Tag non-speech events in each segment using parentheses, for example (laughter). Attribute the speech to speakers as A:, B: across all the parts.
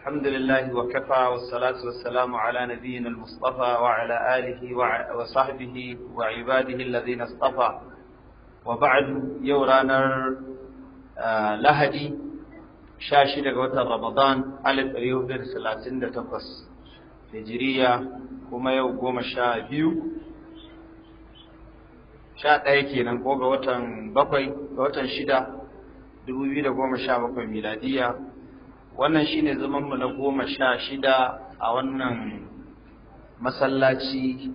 A: الحمد لله وكفى والصلاة والسلام على نبينا المصطفى وعلى آله وصحبه وعباده الذين اصطفى وبعد يورانا لهدي شاشي لغوة رمضان على الريوف در سلاسين تقص هجرية كما يوم شاء بيو شاء تايكي ننقوغ وطن بقوي وطن شدة 2017 miladiya wannan shine zaman mu na goma sha shida a wannan masallaci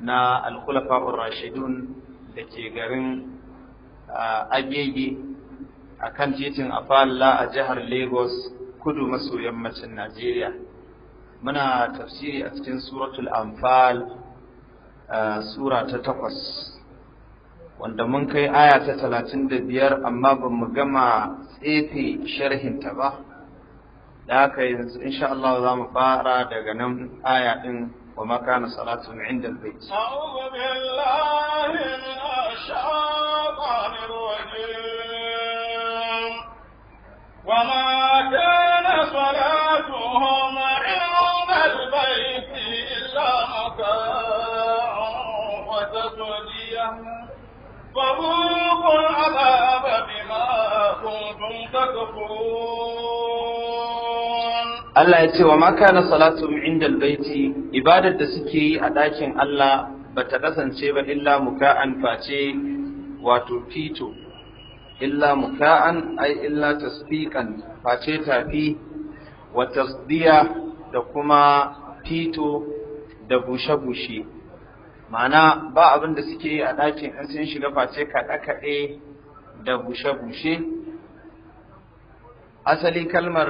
A: na alkulafa rashidun da ke garin ah, abege a kan titin afalla a jihar lagos kudu maso yammacin najeriya muna tafsiri a cikin suratul anfal ah, sura ta takwas wanda mun kai aya ta talatin da biyar amma ba mu gama tsefe sharhinta ba da aka yi yanzu insha Allah za mu fara daga nan aya din wa ma kana salatu min inda albayt a'udhu
B: billahi minash shaitanir rajim wa ma kana salatuhum inda albayt illa maka wa tasdiyah فذوقوا العذاب بما كنتم تكفرون
A: Allah ya ce wa maka na salatu indal baiti ibadar da suke yi a ɗakin Allah ba ta kasance ba illa muka'an face wato fito illa muka'an ai illa tasfiqan face tafi wa tasdiya da kuma fito da bushe-bushe ma'ana ba abin da suke yi a ɗakin in sun shiga face kaɗe-kaɗe da bushe-bushe asali kalmar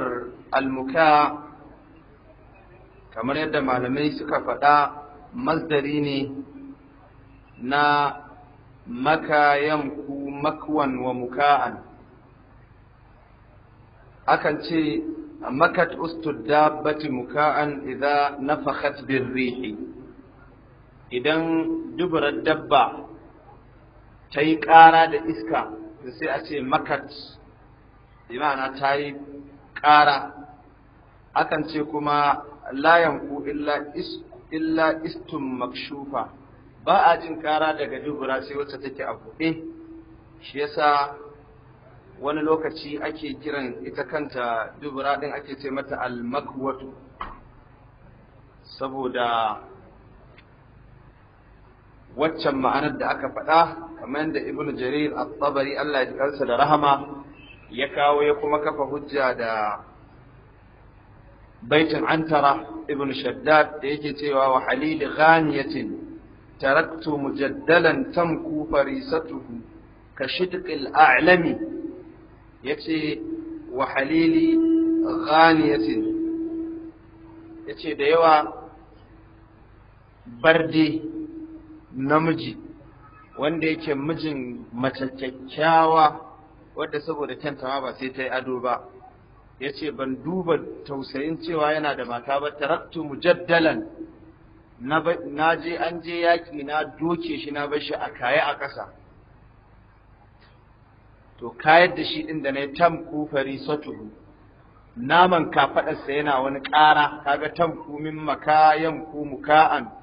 A: almuka kamar yadda malamai suka faɗa masdari ne na makayan ku makwan wa muka'an akan ce makat ustud dabbati muka'an idan idza bin birrihi idan duburar dabba ta yi ƙara da iska da sai a ce makat imana ta yi ƙara akan ce kuma layan ku illa istun makshufa ba a jin ƙara daga dubura sai wacce take a buɗe shi yasa wani lokaci ake kiran ita kanta dubura ɗin ake ce mata almakwatu saboda waccan ma'anar da aka faɗa kamar da ibnu jarir at-tabari Allah ya kansa da rahama ya kawo ya kuma kafa hujja da baitin antara ibnu shaddad da yake cewa wa halil ghaniyatin taraktu mujaddalan tamku farisatuhu ka shidqil a'lami yace wa halili ghaniyatin yace da yawa barde namiji wanda yake mijin mace kyakkyawa wadda saboda kyanta ma ba sai ta yi ado ba ya ce ban duba tausayin cewa yana da mata ba taraktu mujaddalan na je an je yaƙi na doke shi na bar shi a kaye a ƙasa to kayar da shi ɗin da na yi kufari farisatuhu naman kafaɗarsa yana wani ƙara kaga tam kumin makayan ku muka'an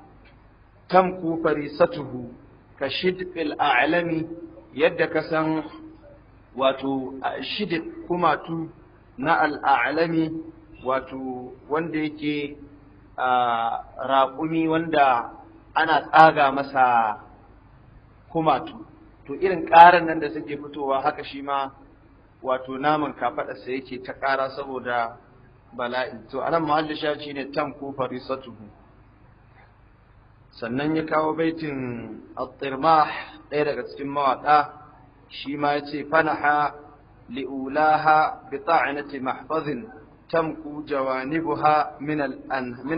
A: tamku farisatuhu ka shidfil a'lami yadda ka san wato shidid kumatu na al'alami wato wanda yake raƙumi wanda ana tsaga masa kumatu to irin ƙaran nan da suke fitowa haka shi ma wato naman kafaɗarsa yake ta ƙara saboda bala'i to anan muhallisha shi ne tam ko farisatuhu sannan ya kawo baitin at-tirmah ɗaya daga cikin mawaƙa shi ma ya ce fanaha li'ulaha bi ta'inati mahfazin tamku jawanibuha min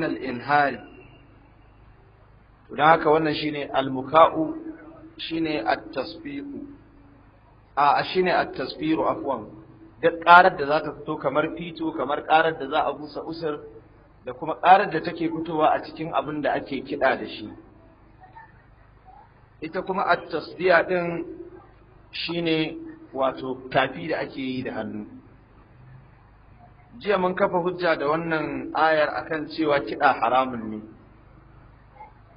A: al inhari to haka wannan shine al-muka'u shine at-tasfiqu a shine at-tasfiru afwan duk ƙarar da za ta fito kamar fito kamar ƙarar da za a busa usur da kuma ƙarar da take fitowa a cikin abin da ake kiɗa da shi ita kuma a tasdiya ɗin ne wato tafi da ake yi da hannu jiya mun kafa hujja da wannan ayar akan cewa kiɗa haramun ne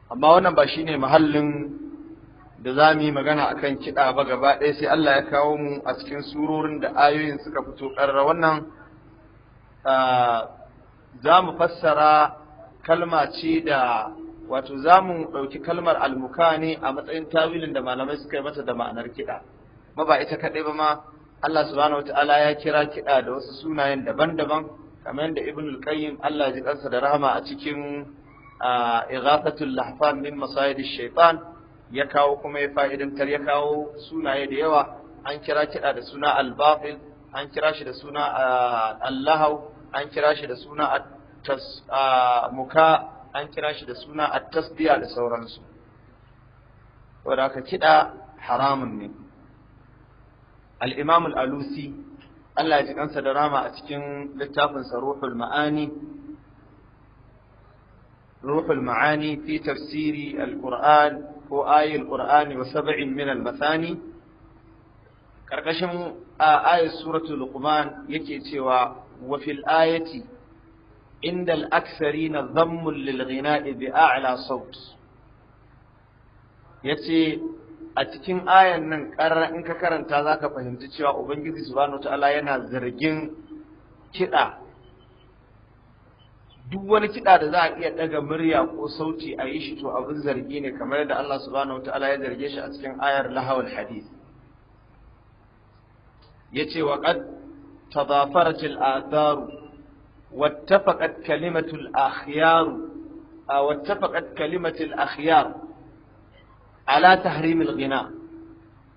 A: amma wannan ba shi ne mahallin da za mu yi magana a kan kiɗa ba gaba ɗaya sai Allah ya kawo mu a cikin surorin da ayoyin suka fito ƙarra wannan ah, za mu fassara kalma ce da wato za mu ɗauki kalmar almuka ne a matsayin tawilin da malamai suka yi mata da ma'anar kiɗa ma ba ita kaɗai ba ma Allah subhanahu ya kira kiɗa da wasu sunayen daban-daban kamar yadda Ibn al-Qayyim Allah ji kansa da rahama a cikin Ighathatul Lahfan min Masayidish Shaitan ya kawo kuma ya fa'idantar ya kawo sunaye da yawa an kira kiɗa da suna al an kira shi da suna Allahau an kira shi da suna muka an kira shi da suna a tasbiya da sauransu wanda ka haramun ne alimamul alusi Allah ya ji kansa da rama a cikin littafin sa ruhul ma'ani ruhul ma'ani fi tafsiri al-qur'an ko al qur'ani wa Saba'in min al-mathani karkashin a ayat suratul luqman yake cewa wa fil ayati inda al-aktharina dhammun lil ghina'i saut yace a cikin ayan nan ƙarar in ka karanta za ka fahimci cewa ubangiji subhanahu ta'ala yana zargin kiɗa duk wani kiɗa da za a iya ɗaga murya ko sauti a yi shi to abin zargi ne kamar yadda Allah subhanahu ta'ala ya zarge shi a cikin ayar lahawal hadith yace wa qad تضافرت الآثار واتفقت كلمة الأخيار واتفقت كلمة الأخيار على تحريم الغناء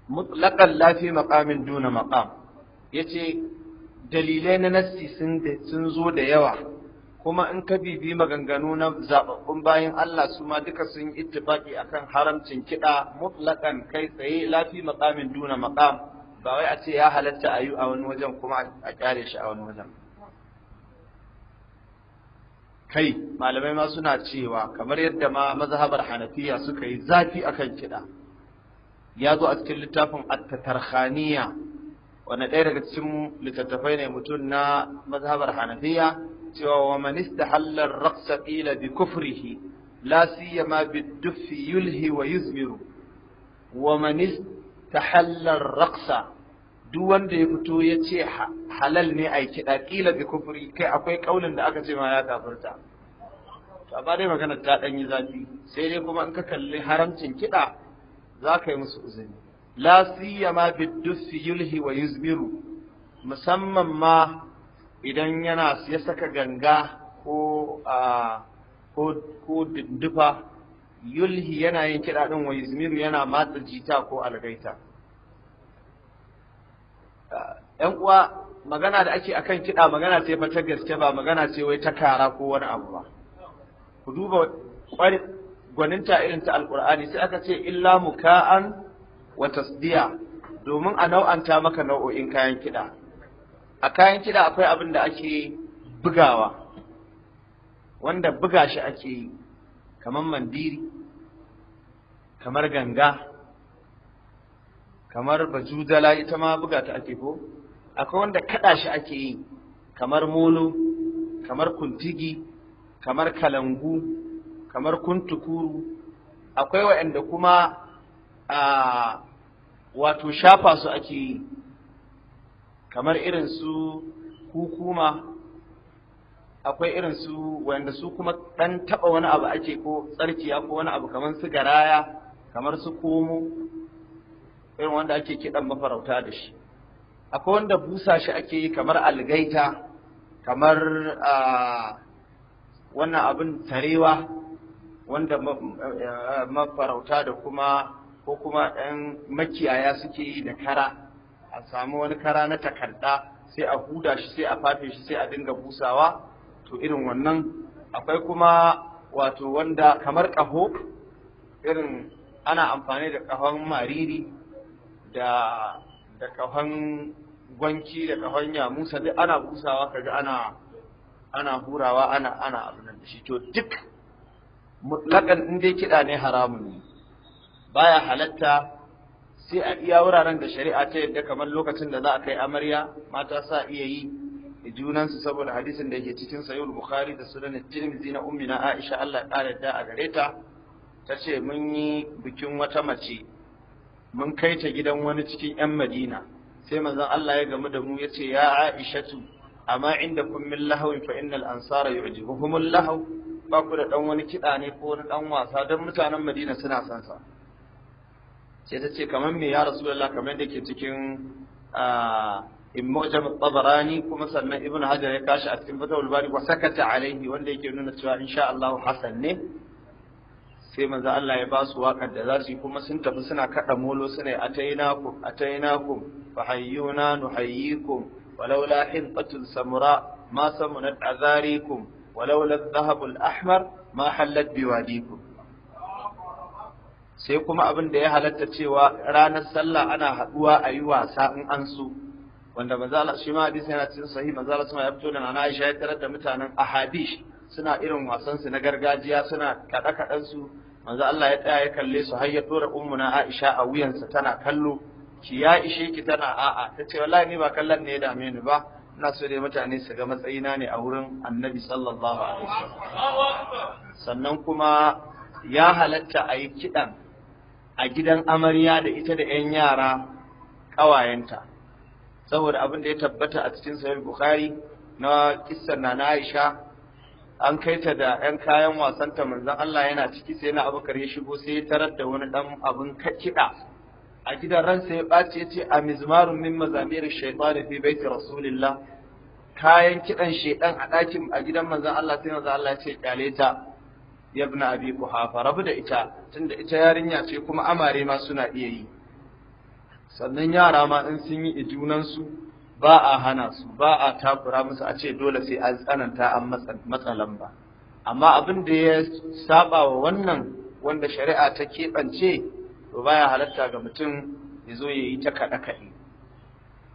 A: مطلقا لا في مقام دون مقام يتي دليلين نسي سنزو ديوه kuma in ka bibi maganganu na zababbun bayan Allah suma duka sun ittifaki akan haramcin kiɗa mutlaƙan kai tsaye lafi maƙamin maƙam ba wai a ce ya halatta a yi a wani wajen kuma a kyare shi a wani wajen kai malamai ma suna cewa kamar yadda ma mazhabar hanafiya suka yi zafi akan kiɗa ya zo a cikin littafin at-tarkhaniya wanda ɗaya daga cikin littattafai ne mutum na mazhabar hanafiya cewa wa man istahalla ar-raqsa qila bi kufrihi la siyama bid-duffi yulhi wa yuzmiru wa man istahalla ar-raqsa duk wanda ya fito ya ce halal ne a yi kiɗa ƙila bi kufuri kai akwai ƙaunin da aka ce ma ya kafirta to amma dai maganar ta ɗan yi zafi sai dai kuma in ka kalli haramcin kiɗa za ka yi musu uzuri la siyama biddusi yulhi wa yuzmiru musamman ma idan yana ya saka ganga ko a ko dindufa yulhi yana yin kiɗa ɗin wa yuzmiru yana matsa jita ko algaita ‘yan uwa magana da ake akan kiɗa magana ce fa ta gaske ba magana ce wai ta kara ko wani abu ba ku duba ƙwari gwaninta irin ta alƙur'ani sai aka ce illa muka'an wa tasdiya domin a nau'anta maka nau'o'in kayan kiɗa a kayan kiɗa akwai abin da ake bugawa wanda buga shi ake yi kamar mandiri kamar ganga kamar bajudala ita ma buga ta ake ko akwai wanda kaɗa shi ake yi kamar molo kamar kuntigi kamar kalangu kamar kuntukuru akwai waɗanda kuma a wato shafa su ake yi kamar irin su hukuma akwai irin su wanda su kuma ɗan taɓa wani abu ake ko tsarkiya ko wani abu kamar su garaya kamar su komo irin wanda ake kiɗan mafarauta da shi akwai wanda busa shi ake yi kamar algaita kamar wannan abin tarewa wanda mafarauta da kuma ko kuma ɗan makiyaya suke yi da kara a samu wani kara na takarda sai a huda shi sai a fafe shi sai a dinga busawa to irin wannan akwai kuma wato wanda kamar ƙaho irin ana amfani da ƙahon mariri da da kafan gwanki da kafan musa, duk ana busawa kaga ana ana hurawa ana ana abin da shi to duk mutlakan in dai kiɗa ne haramun ne baya halatta sai a iya wuraren da shari'a ta yadda kamar lokacin da za a kai amarya mata sa iya yi junansu saboda hadisin da yake cikin sayul bukhari da sunan tirmidhi na ummi na aisha Allah ya kare da a gare ta tace mun yi bikin wata mace mun kai ta gidan wani cikin 'yan madina sai manzon Allah ya gamu da mu ya ce ya aishatu amma inda kun min lahawin fa innal ansara yu'jibuhumul lahaw ba ku da dan wani kiɗa ne ko wani dan wasa dan mutanen madina suna son sa sai ta ce kamar me ya rasulullah kamar da ke cikin in mu'jam tabarani kuma sannan ibn hajar ya kashi a cikin fatawul bari wa sakata alaihi wanda yake nuna cewa insha Allah hasan ne sai manzo Allah ya ba su waƙar da za su yi kuma sun tafi suna kaɗa molo suna yi atainakum atainakum fa hayyuna nuhayyikum walaula hinqatul samra ma samunat azarikum walaula dhahabul ahmar ma hallat biwadikum sai kuma abin da ya halatta cewa ranar sallah ana haɗuwa a yi wasa in an so wanda manzo Allah shi ma hadisi yana cikin sahih manzo Allah ya fito da Aisha ya tarar da mutanen ahadish suna irin wasansu na gargajiya suna kaɗe-kaɗensu manzo Allah ya tsaya ya kalle su har ya ummu na Aisha a wuyansa tana kallo ki ya ishe ki tana a'a ce wallahi ni ba kallon ne ya dame ba ina so dai mutane su ga matsayina ne a wurin Annabi sallallahu alaihi
B: wasallam
A: sannan kuma ya halatta a yi kiɗan a gidan amarya da ita da 'yan yara ƙawayenta saboda abin da ya tabbata a cikin sahih bukhari na kissar na Aisha an kai ta da 'yan kayan wasan ta Allah yana ciki sai na abubakar ya shigo sai ya tarar da wani dan abun kiɗa a gidan ransa ya ɓace ya ce a mizmarun min mazamirin shaitan fi baiti rasulillah kayan kiɗan shaitan a ɗakin a gidan manzon Allah sai manzon Allah ya ce kyale ta yabna abi kuhafa rabu da ita tunda ita yarinya ce kuma amare ma suna iya yi sannan yara ma in sun yi junansu ba a hana su ba a takura musu a ce dole sai an tsananta an matsalan ba amma abin da ya saba wa wannan wanda shari'a ta keɓance to baya halatta ga mutum ya zo ya yi ta kaɗe kaɗe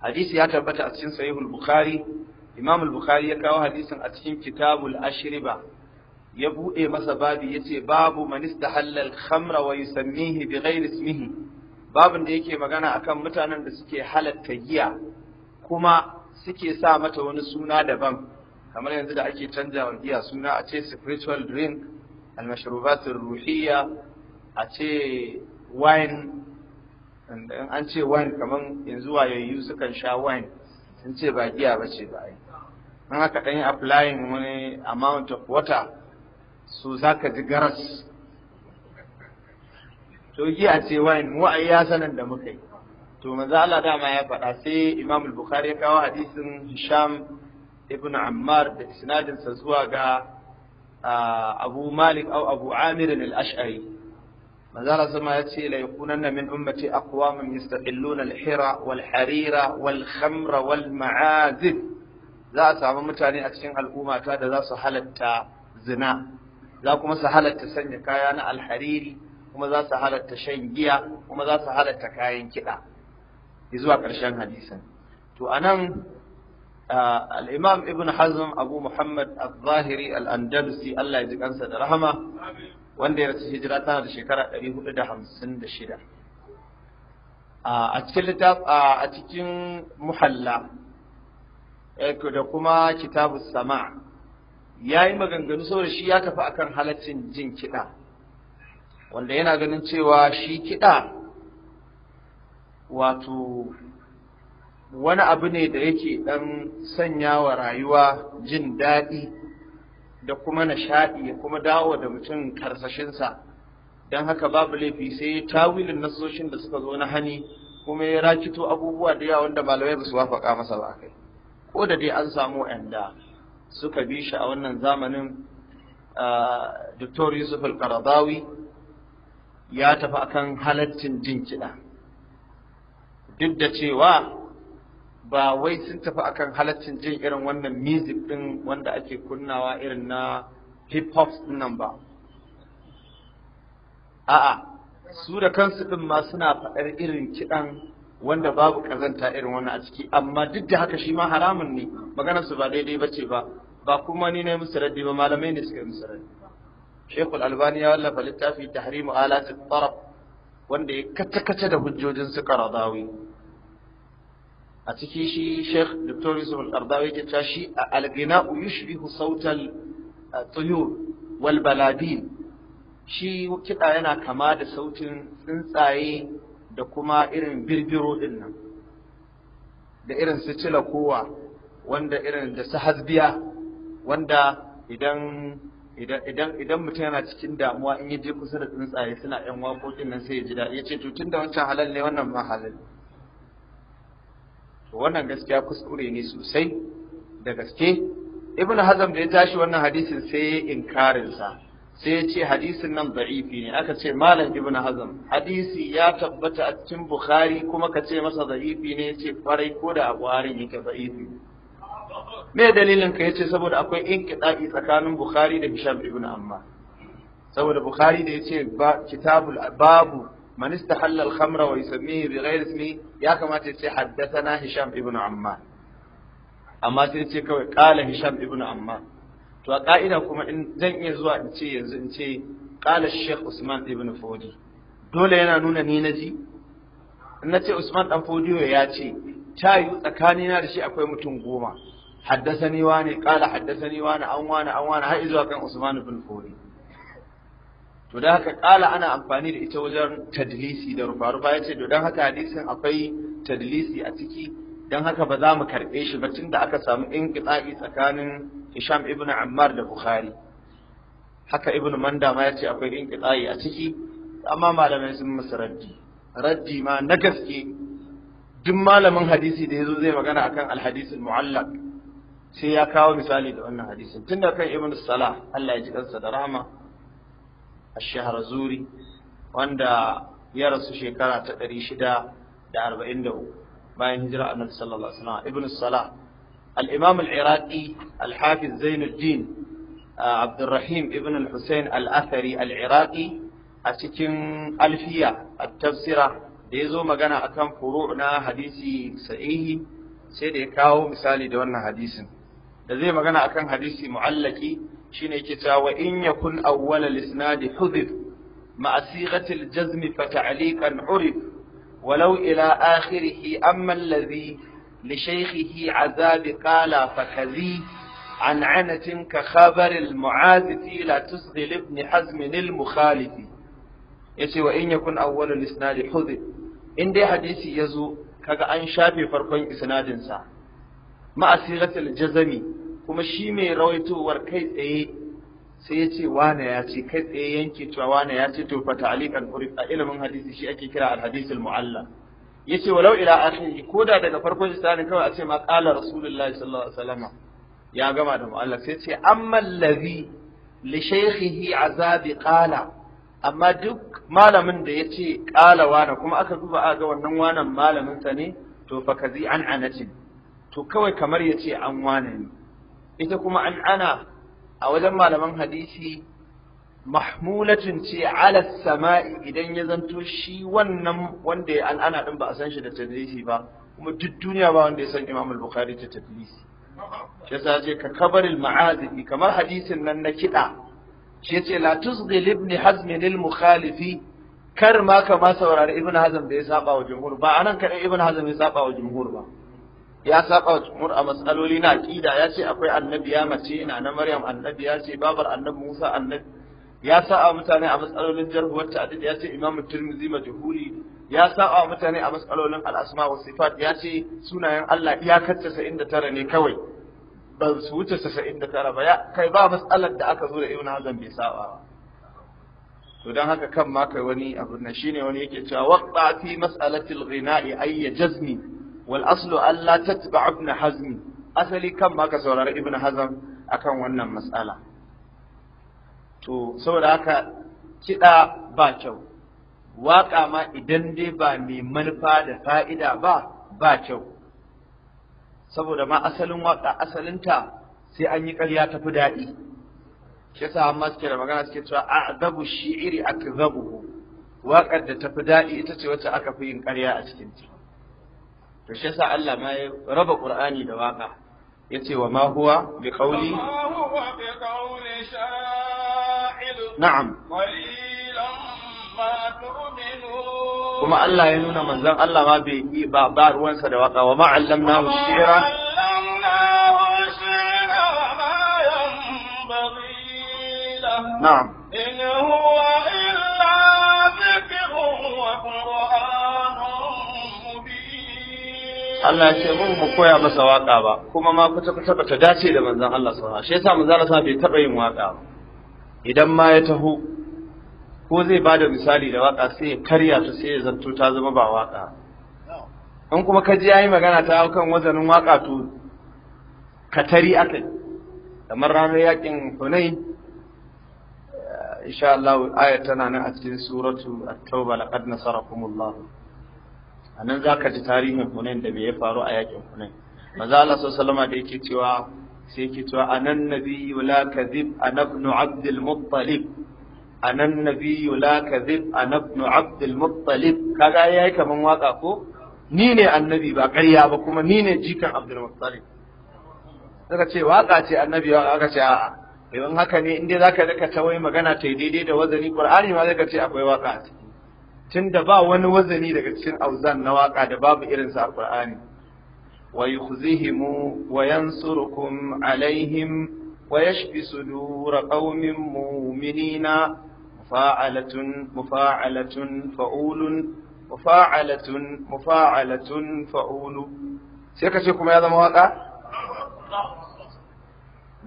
A: hadisi ya tabbata a cikin sahihul bukhari imam bukhari ya kawo hadisin a cikin kitabul ashriba ya buɗe masa babi ya ce babu man istahalla al-khamra wa yusammihi bi ghairi ismihi babin da yake magana akan mutanen da suke halatta giya kuma suke sa mata wani suna daban kamar yanzu da ake canja wa giya suna a ce spiritual drink almashrubatul ruhiyya a ce wine an ce wine kamar yanzu wayoyi sukan sha wine sun ce ba giya ba ce ba an haka ɗan yi applying wani amount of water su za ka ji garas to giya ce wine mu a iya sanin da muka yi to manzo Allah dama ya faɗa sai Imam Bukhari ya kawo hadisin Hisham ibn Ammar da isnadin sa zuwa ga Abu Malik au Abu Amir al-Ash'ari manzo Allah sama ya ce la yakunanna min ummati aqwamun yastaqilluna al-hira wal harira wal khamra wal ma'azib za a samu mutane a cikin al'ummata da za su halatta zina za kuma su halatta sanya kaya na alhariri kuma za su halatta shan giya kuma za su halatta kayan kiɗa zuwa ƙarshen hadisin to anan nan, al’imam ibn hazm abu muhammad al-zahiri al-andalusi Allah ya ji kansa da rahama wanda ya rasu hijira tana da shekara 456 a cikin a cikin muhalla eh, da kuma kitabu sama ya yi maganganu saboda shi ya tafi akan halaccin jin kiɗa wanda yana ganin cewa shi kiɗa wato wani abu ne da yake ɗan sanya wa rayuwa jin daɗi da kuma nishaɗi ya kuma dawo da mutum karsashinsa don haka babu laifi sai tawilin nasoshin da suka zo na hani kuma ya rakito abubuwa da yawa wanda malamai ba su wafaka masa ba kai ko da dai an samu yanda suka bi shi a wannan zamanin Dr. Yusuf al ya tafi akan halaccin jin kiɗa. duk da cewa ba wai sun tafi akan halaccin jin irin wannan music din wanda ake kunnawa irin na hip hop nan ba a'a su da kansu din ma suna faɗar irin kiɗan wanda babu ƙazanta irin wannan a ciki amma duk da haka shi ma haramun ne maganar su ba daidai ba ce ba ba kuma ni ne musu raddi ba malamai ne suka musu raddi Sheikh Al-Albani ya wallafa littafi Tahrimu Alat Tarab wanda ya kace-kace da hujjojin su Qaradawi a cikin shi Sheikh Dr. Yusuf al ardawi yake cewa shi al ghina yushbihu sautal eh, tuyur wal baladin shi kiɗa yana kama da sautin tsuntsaye da kuma irin birbiro din nan da irin su cila kowa wanda irin da su hasbiya wanda idan idan idan mutum yana cikin damuwa in ya je kusa da tsuntsaye suna yan waƙoƙin nan sai ya ji daɗi ya ce to tunda wancan halal ne wannan ma halal to wannan gaskiya kuskure ne sosai da gaske ibnu hazm da ya tashi wannan hadisin sai ya inkarin sa sai ya ce hadisin nan da'ifi ne aka ce malam ibnu hazm hadisi ya tabbata a cikin bukhari kuma ka ce masa da'ifi ne ya farai ko da abuwarin yake da'ifi me dalilin ka yace saboda akwai inqida'i tsakanin bukhari da hisham ibnu amma saboda bukhari da yace ba kitabul babu man istahalla al-khamra wa yusammihi bi ghairi ismi ya kamata ya ce haddathana Hisham ibn Ammar amma sai ce kawai qala Hisham ibn Ammar to a ka'ida kuma in zan iya zuwa in ce yanzu in ce qala Sheikh Usman ibn Fodi dole yana nuna ni naji in nace Usman dan Fodi ya ce ta yi tsakanina da shi akwai mutum goma haddasa ni wane haddasa wane har kan Usman ibn Fodi to da haka ƙala ana amfani da ita wajen tadlisi da rufa-rufa ya ce to don haka hadisin akwai tadlisi a ciki don haka ba za mu karɓe shi ba tun da aka samu inqita'i tsakanin Hisham ibn Ammar da Bukhari haka ibn Manda ma ya ce akwai inqita'i a ciki amma malamai sun musu raddi raddi ma na gaske duk malamin hadisi da ya zo zai magana akan alhadisin mu'allaq sai ya kawo misali da wannan hadisin tun da kan ibn Salah Allah ya ji kansa da rahama ash-shahrazuri wanda ya rasu shekara ta 643 bayan hijira annabi sallallahu alaihi wasallam ibn salah al-imam al-iraqi al-hafiz zainuddin abdurrahim ibn al-husayn al-athari al-iraqi a cikin alfiya at-tafsira da ya zo magana akan furu hadisi sahihi sai da ya kawo misali da wannan hadisin da zai magana akan hadisi mu'allaki shine yake cewa wa in yakun awwal al-isnad hudhif ma'a sighati al-jazm fa ta'liqan urif walau ila akhirih amma alladhi li shaykhihi azab qala fa kadhi عن عنة كخبر المعازف لا تصغي لابن حزم yace wa in yakun awwalul isnad hudhif in dai hadisi yazo kaga an shafe farkon isnadin sa ma asiratul jazmi. kuma shi mai rawaitowar kai tsaye sai ya ce wane ya ce kai tsaye yanke cewa wane ya ce to fa ta'liqan a ilimin hadisi shi ake kira al-hadith mualla yace walau ila akhiri koda daga farkon isani kawai a ce ma qala rasulullahi sallallahu alaihi wasallam ya gama da mu'alla sai ce amma allazi li shaykhihi azabi qala amma duk malamin da yace qala wana kuma aka duba aka ga wannan wanan malamin sa ne to fa kazi an anatin to kawai kamar yace an wane ne ita kuma an ana a wajen malaman hadisi mahmulatun ce ala sama'i idan ya zanto shi wannan wanda ya an'ana din ba a san shi da tadlisi ba kuma duk duniya ba wanda ya san Imam al-Bukhari ta tadlisi shi ce ka kabaril ma'azibi kamar hadisin nan na kiɗa shi ce la tuzghil ibn hazm lil mukhalifi kar ma ka ma saurari ibn hazm da ya saba wa jumhur ba anan kada ibn hazm ya saba wa jumhur ba ya saba wa jumhur a matsaloli na aqida ya ce akwai annabi ya mace ina na maryam annabi ya ce babar annabi musa annabi ya saba mutane a matsalolin jarhu wacce a ya ce imam tirmidhi majhuli ya saba mutane a matsalolin al-asma wa sifat ya ce sunayen Allah da 79 ne kawai ba su wuce 79 ba ya kai ba matsalar da aka zo da ibn hazm bai saba to dan haka kan ma kai wani abu na shine wani yake cewa waqta fi mas'alatil ghina'i ayya jazmi wal aslu alla tatba ibn hazm asali kan maka ka ibn hazm akan wannan mas'ala to saboda haka kiɗa ba kyau waƙa ma idan dai ba mai manufa da fa'ida ba ba kyau saboda ma asalin waka, asalinta sai an yi ƙarya ta fi daɗi shi yasa amma suke da magana suke cewa a'zabu shi'iri akzabuhu waƙar da ta fi daɗi ita ce wacce aka fi yin ƙarya a cikinta to shi yasa Allah ma ya raba Qur'ani da waka yace wa ma huwa bi qawli na'am kuma Allah ya nuna manzon Allah ma bai yi ba ba ruwansa da waka wa ma allamnahu shi'ra
B: na'am in huwa illa Allah ya ce mun mu koya masa
A: waka ba kuma ma kuta kuta ba ta dace da manzon Allah sallallahu alaihi wasallam shi yasa manzon Allah bai taba yin waka ba idan ma ya taho ko zai bada misali da waka sai ya karya ta sai ya zanto ta zama ba waka in kuma ka ji yayi magana ta aukan wazanin waka to katari akai kamar ranar yakin hunai eh, insha Allah ayatan tana nan a cikin suratu at-tauba laqad nasarakumullah a nan za ka ji tarihin hunain da bai ya faru a yakin hunain manzo Allah sallallahu da yake cewa sai yake cewa anan nabiyyu la kadhib ana ibn abd al-muttalib anan nabiyyu la kadhib ana ibn abd al-muttalib kaga yayi kaman waka ko ni ne annabi ba ƙarya ba kuma ni ne jikan abdul muttalib suka ce waka ce annabi aka ce a'a idan haka ne in dai zaka daka tawai magana ta daidai da wazani qur'ani ma zaka ce akwai waka a ciki tunda ba wani wazani daga cikin auzan na waƙa da babu irin sa alqur'ani wa yukhzihimu wa yansurukum alaihim wa yashfi sudura qaumin mu'minina mufa'alatun mufa'alatun fa'ulun mufa'alatun mufa'alatun fa'ulu sai ka ce kuma ya zama waƙa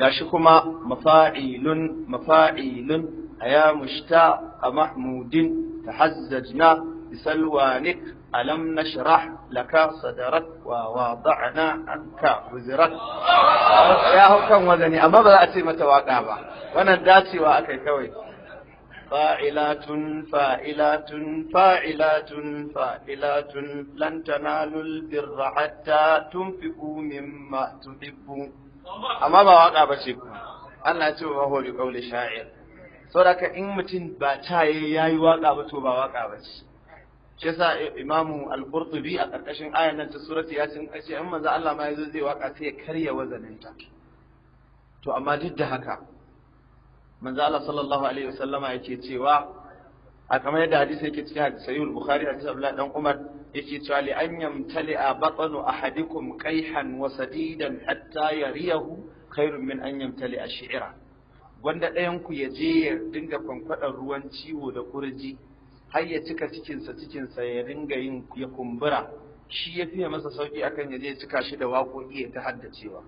A: gashi kuma mafa'ilun mafa'ilun aya mushta a mahmudin tahazzajna bisalwanik alam nashrah laka sadarak wa wada'na anka wuzrak ya hukan wazani amma ba za a ce mata waka ba wannan dacewa akai kawai fa'ilatun fa'ilatun fa'ilatun fa'ilatun lan تنالوا البر hatta تنفقوا mimma tuhibbu amma ba waka ba ce kuma ana ce wa hori kauli sha'ir saboda ka in mutum ba ta yi yayi waka ba to ba waka ba ce shi yasa imamu al-qurtubi a karkashin ayan nan ta surati cin ce in manzo Allah ma yazo zai waka sai ya karya wazaninta to amma duk da haka manzo Allah sallallahu alaihi wasallama yake cewa a kamar yadda hadisi yake cikin hadisi bukhari hadisi abdullahi dan umar yake cewa li an yamtali a batanu ahadikum qaihan wa sadidan hatta yariyahu khairun min an yamtali a shi'ira wanda ɗayan ku ya je ya dinga kwankwaɗar ruwan ciwo da kurji har ya cika cikinsa cikinsa ya dinga yin ya kumbura shi ya fiye masa sauki akan ya je ya cika shi da waƙoƙi ya ta haddacewa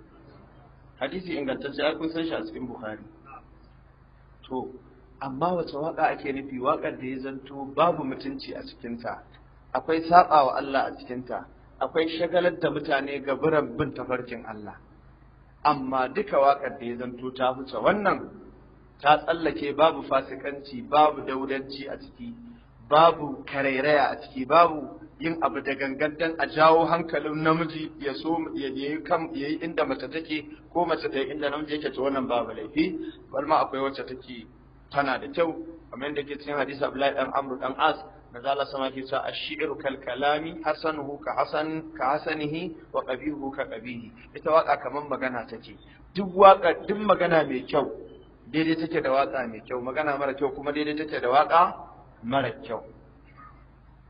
A: hadisi ingantacce ai kun san shi a cikin bukhari to amma wace waka ake nufi wakar da ya zanto babu mutunci a cikinta akwai saɓa wa Allah a cikinta akwai shagalar da mutane ga biran bin tafarkin Allah amma duka wakar da ya zanto ta huce wannan ta tsallake babu fasikanci babu daudanci a ciki babu karairaya a ciki babu yin abu da gangan a jawo hankalin namiji ya so ya yi kam ya yi inda mace take ko mace ta yi inda namiji yake to wannan babu laifi bal ma akwai wacce take tana da kyau kamar yadda ke cikin hadisi Abdullahi dan Amr dan As manzo Allah sama ke cewa ash-shi'ru kal kalami hasanuhu ka hasan ka hasanihi wa qabihu ka qabihi ita waka kamar magana take duk waka duk magana mai kyau daidai take da waka mai kyau magana mara kyau kuma daidai take da waka mara kyau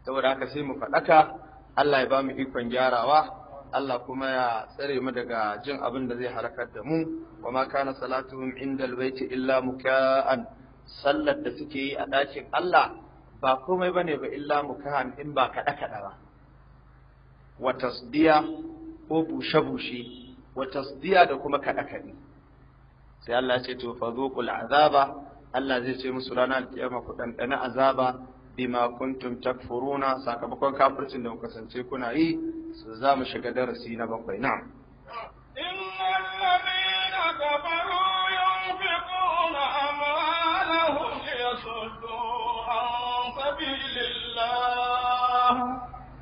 A: saboda haka sai mu faɗaka Allah ya ba mu ikon gyarawa Allah kuma ya tsare mu daga jin abin da zai harakar da mu wa ma kana salatuhum indal baiti illa muka'an sallar da suke yi a ɗakin Allah ba komai ba ne ba illa mukahan in ba kaɗa-kaɗa ba wa tasdiya ko bushe-bushe wa tasdiya da kuma kaɗe-kaɗe sai Allah ce to fa zuqul azaba Allah zai ce musu rana kiyama ku azaba bima kuntum takfuruna sakamakon kafircin da kuka sance kuna yi su za mu shiga darasi na bakwai na'am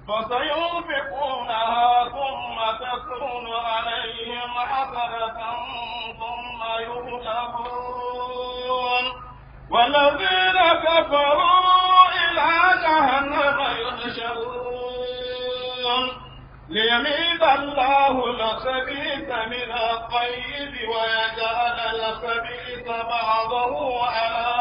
B: فسينفقونها ثم تكون عليهم حسنة ثم يغلبون والذين كفروا إلى جهنم يحشرون ليميد الله الخبيث من الطيب ويجعل الخبيث بعضه على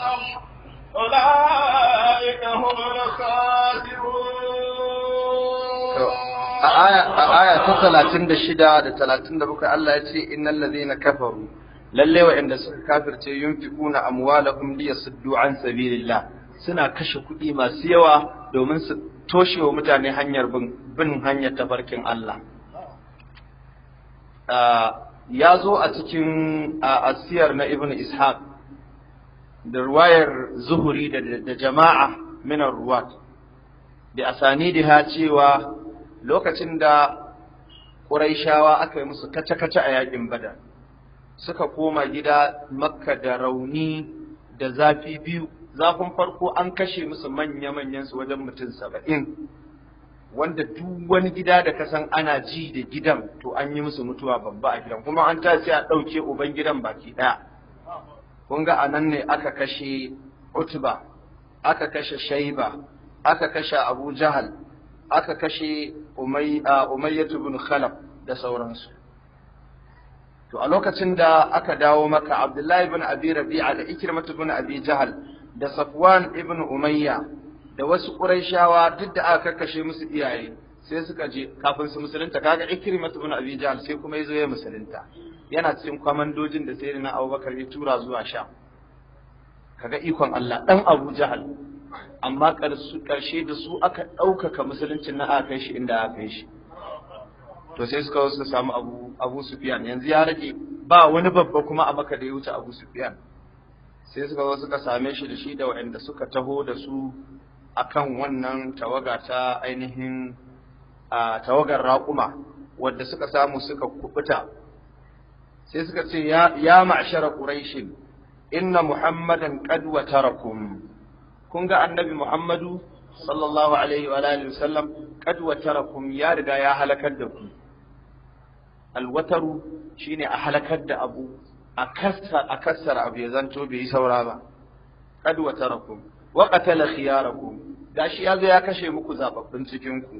B: a
A: aya ta talatin da shida da talatin da bakwai Allah ya ce innal ladhina kafaru lalle wa'anda suka kafirce yunfiquna amwalahum liyasuddu an sabilillah suna kashe kuɗi masu yawa domin su toshe wa mutane hanyar bin hanyar tafarkin Allah ah, ya zo a cikin asiyar na ibnu ishaq da ruwayar zuhuri da jama'a minar ruwat bi asanidiha cewa lokacin da ƙuraishawa aka yi musu kace-kace a yakin Badar suka koma gida Makka da rauni da zafi biyu zafin farko an kashe musu manya-manyan su wajen mutum saba'in wanda duk wani gida da kasan ana ji da gidan to an yi musu mutuwa babba a gidan kuma an tasi a ɗauke uban gidan baki ɗaya kun ga anan ne aka kashe utba aka kashe shaiba aka kashe abu jahal aka kashe umayyatu bin khalaf da sauransu to a lokacin da aka dawo maka abdullahi bin abi rabi'a da ikrimatu bin abi jahal da safwan ibn umayya da wasu qurayshawa duk da aka kashe musu iyaye sai suka je kafin su musulunta kaga ikrimatu bin abi jahal sai kuma ya zo ya musulunta yana cikin kwamandojin da sai na abubakar ya tura zuwa sha kaga ikon Allah dan Abu Jahal amma karshe da su aka ɗaukaka musuluncin na aka kai shi inda aka kai shi to sai suka wasu samu Abu Abu Sufyan yanzu ya rage ba wani babba kuma a maka da ya wuce Abu Sufyan sai suka zo suka same shi da shi da waɗanda suka taho da su akan wannan tawaga ta ainihin tawagar raƙuma wadda suka samu suka kubuta sai suka ce ya ma'shara quraishin inna muhammadan qad watarakum kun ga annabi muhammadu sallallahu alaihi wa alihi wasallam qad watarakum ya riga ya halakar da ku alwataru shine a halakar da abu a kassar a kassar abu ya zanto bai saura ba qad watarakum wa qatala khiyarakum gashi yazo ya kashe muku zababbin cikin ku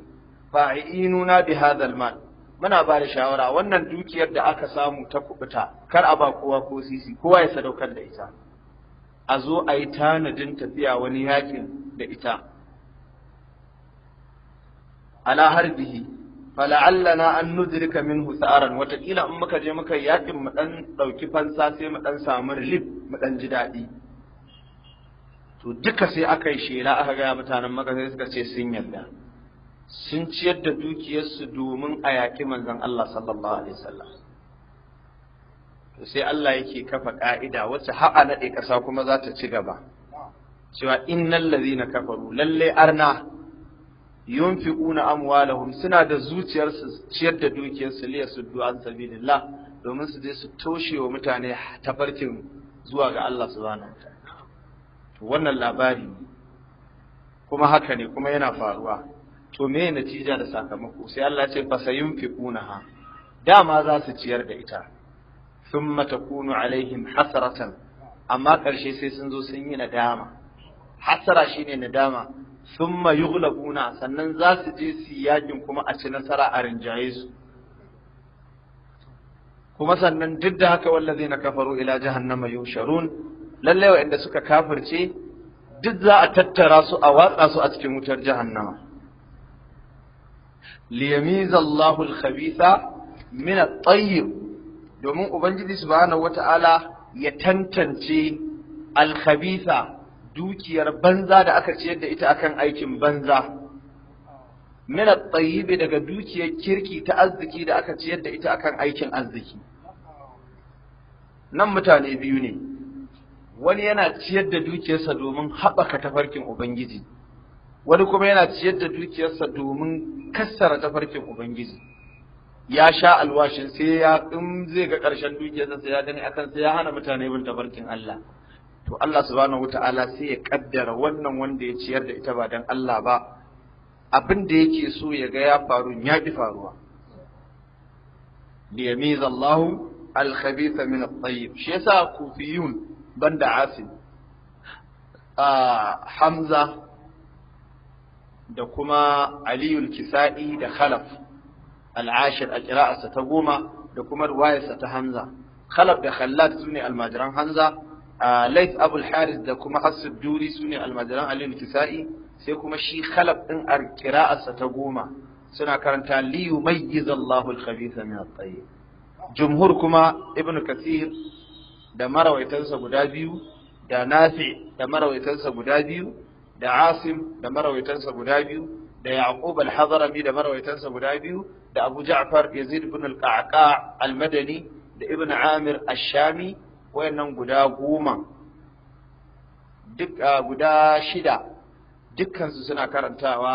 A: fa'inuna bi hadha almal muna ba da shawara wannan dukiyar da aka samu ta kubuta kar a ba kowa ko sisi kowa ya sadaukar da ita a zo a yi tanadin tafiya wani yakin da ita ala harbihi fala'allana an nudrika min sa'aran wataƙila in muka je muka yakin mu dan ɗauki fansa sai mu dan samu rilif mu dan ji daɗi to duka sai aka yi shela aka gaya mutanen maka sai suka ce sun yarda sun ciyar da dukiyarsu domin a yaƙi manzon Allah sallallahu alaihi wasallam to sai Allah yake kafa ƙa'ida wacce ha'a naɗe ƙasa kuma za ta ci gaba cewa in innal na kafaru lalle arna yunfiquna amwalahum suna da zuciyarsu ciyar da dukiyarsu liya suddu an sabilillah domin su je su toshe wa mutane tafarkin zuwa ga Allah subhanahu wataala wannan labari kuma haka ne kuma yana faruwa to me natija da sakamako sai Allah ce fa sayunfiqunaha dama za su ciyar da ita thumma takunu alaihim hasratan amma karshe sai sun zo sun yi nadama hasara shine nadama thumma yughlabuna sannan za su je su yakin kuma a ci nasara a rinjaye su kuma sannan duk da haka na kafaru ila jahannama yusharun lalle wa'anda suka kafirce duk za a tattara su a watsa su a cikin wutar jahannama liyamiza Allahu al-khabitha min domin ubangiji subhanahu wata'ala ya tantance al-khabitha dukiyar banza da aka ciyar da ita akan aikin banza min at-tayyib daga dukiyar kirki ta arziki da aka ciyar da ita akan aikin arziki nan mutane biyu ne wani yana ciyar da dukiyarsa domin haɓaka tafarkin ubangiji wani kuma yana ciyar da dukiyarsa domin kassara tafarkin ubangiji ya sha alwashin sai ya in zai ga ƙarshen dukiyarsa sai ya gani akan sai ya hana mutane bin tafarkin Allah to Allah subhanahu wataala sai ya kaddara wannan wanda ya ciyar da ita ba dan Allah ba abin da yake so ya ga ya faru ya bi faruwa yamiz Allahu al-khabitha min at-tayyib shi yasa kufiyun banda asim ah hamza da kuma aliyul kisa'i da khalaf al'ashir a ƙira'arsa ta goma da kuma ruwayarsa ta hanza khalaf da khallat su ne almajiran hanza lait abul haris da kuma asud duri su ne almajiran aliyul kisa'i sai kuma shi khalaf ɗin a ƙira'arsa ta goma suna karanta liyu mayyiz Allahu al min jumhur kuma ibnu kasir da marawaitansa guda biyu da nafi da marawaitansa guda biyu da Asim da marawaitansa guda biyu da Yaqub al-Hadrami da marawaitansa guda biyu da Abu Ja'far Yazid ibn al-Qa'qa al-Madani da Ibn Amir ash-Shami wayannan guda goma duk guda shida dukkansu suna karantawa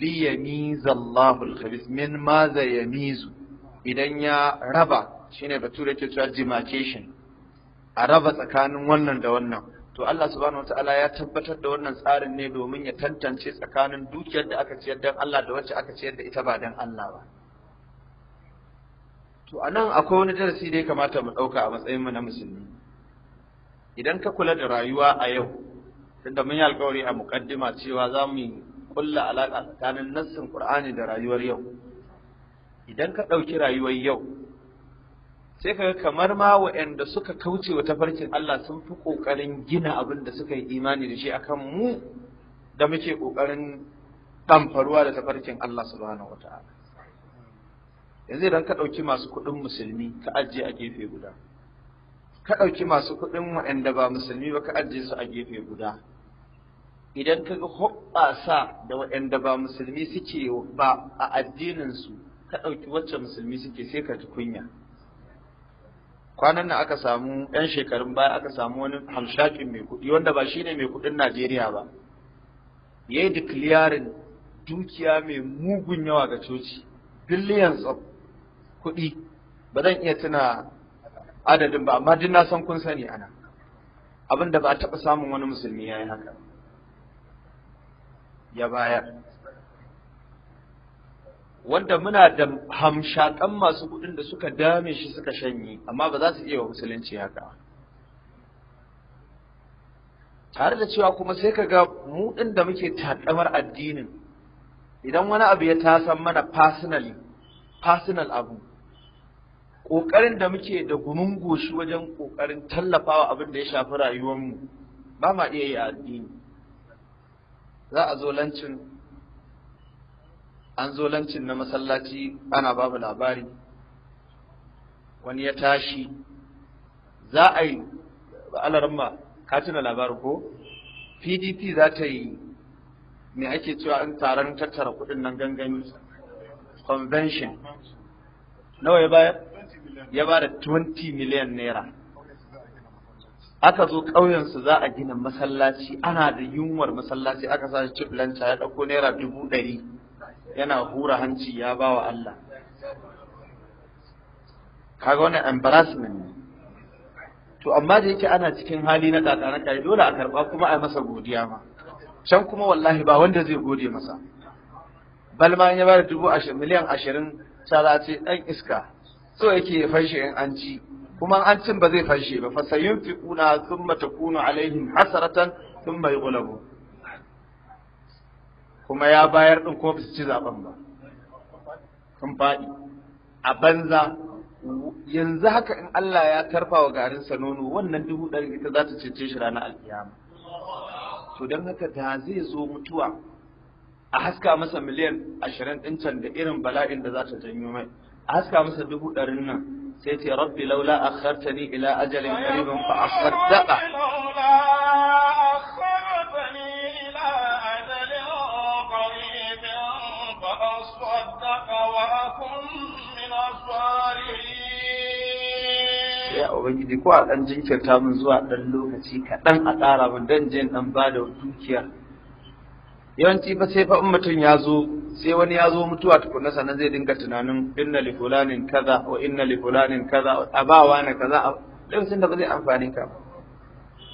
A: liyamizallahu al-khabith min ma za yamizu idan ya raba shine bature ke cewa a raba tsakanin wannan da wannan to Allah subhanahu ta'ala ya tabbatar da wannan tsarin ne domin ya tantance tsakanin dukiyar da aka ciyar dan Allah da wacce aka ciyar da ita ba dan Allah ba to anan akwai wani darasi da ya kamata mu ɗauka a matsayin mu na musulmi idan ka kula da rayuwa a yau tunda mun yi alkawari a muqaddima cewa za mu kulla alaka tsakanin nassin Qur'ani da rayuwar yau idan ka ɗauki rayuwar yau sai kaga kamar ma waɗanda suka kauce wa tafarkin Allah sun fi ƙoƙarin gina abin da suka yi imani da shi akan mu da muke ƙoƙarin ɗamfaruwa da tafarkin Allah subhanahu wata'ala yanzu idan ka ɗauki masu kuɗin musulmi ka ajiye a gefe guda ka ɗauki masu kuɗin waɗanda ba musulmi ba ka ajiye su a gefe guda idan ka ga hoɓɓasa da waɗanda ba musulmi suke ba a addininsu ka ɗauki wacce musulmi suke sai ka ji kunya kwanan nan aka samu ɗan shekarun baya aka samu wani hamshakin mai kuɗi wanda ba shine mai kuɗin Najeriya ba yayi declaring dukiya mai mugun yawa ga coci billions of kuɗi ba zan iya tuna adadin ba amma duk na san kun sani ana abinda ba a taɓa samun wani musulmi ya yi haka ya bayar wanda muna da hamshakan masu kuɗin da suka dame shi suka shanye amma ba za su iya wa musulunci haka tare da cewa kuma sai ka ga mu ɗin da muke taɗamar addinin idan wani abu ya tasan mana personally personal abu ƙoƙarin da muke da gumin goshi wajen ƙoƙarin tallafawa abin da ya shafi rayuwarmu ba ma iya yi a addini za a zo lancin an zo lancin na masallaci ana babu labari wani ya tashi za a yi alaramma ka tuna labarin ko pdp za ta yi me ake cewa an taron tattara kudin nan gangami convention nawa ya bayar ya ba da 20 miliyan naira aka zo ƙauyensu za a gina masallaci ana da yunwar masallaci aka sa shi lanta ya ɗauko naira dubu ɗari yana hura hanci ya ba wa Allah kaga wani embarrassment ne to amma da yake ana cikin hali na kaka na kai dole a karɓa kuma a masa godiya ma can kuma wallahi ba wanda zai gode masa bal ma ya da dubu ashirin miliyan ashirin sara ce ɗan iska so yake ya fashe in an ci kuma an cin ba zai fashe ba Fasayin fa sun mata kuna alaihim hasaratan sun bai yughlabu kuma ya bayar ɗin ko su ci zaɓen ba kun faɗi a banza yanzu haka in Allah ya karfa wa garinsa nono wannan dubu ɗari ita za ta cece shi ranar alƙiyama to don haka da zai zo mutuwa a haska masa miliyan ashirin ɗin da irin bala'in da za ta janyo mai a haska masa dubu ɗarin nan sai ce rabbi laula a akhartani ila ajalin qaribin fa asaddaqa ubangiji ko a ɗan jinkirta min zuwa dan lokaci kaɗan a ƙara min dan jin dan ba da dukiya yawanci fa sai fa mutum ya zo sai wani ya zo mutuwa tukunna sannan zai dinga tunanin inna li fulanin kaza wa inna li fulanin kaza a ba na kaza lokacin da ba zai amfani ka ba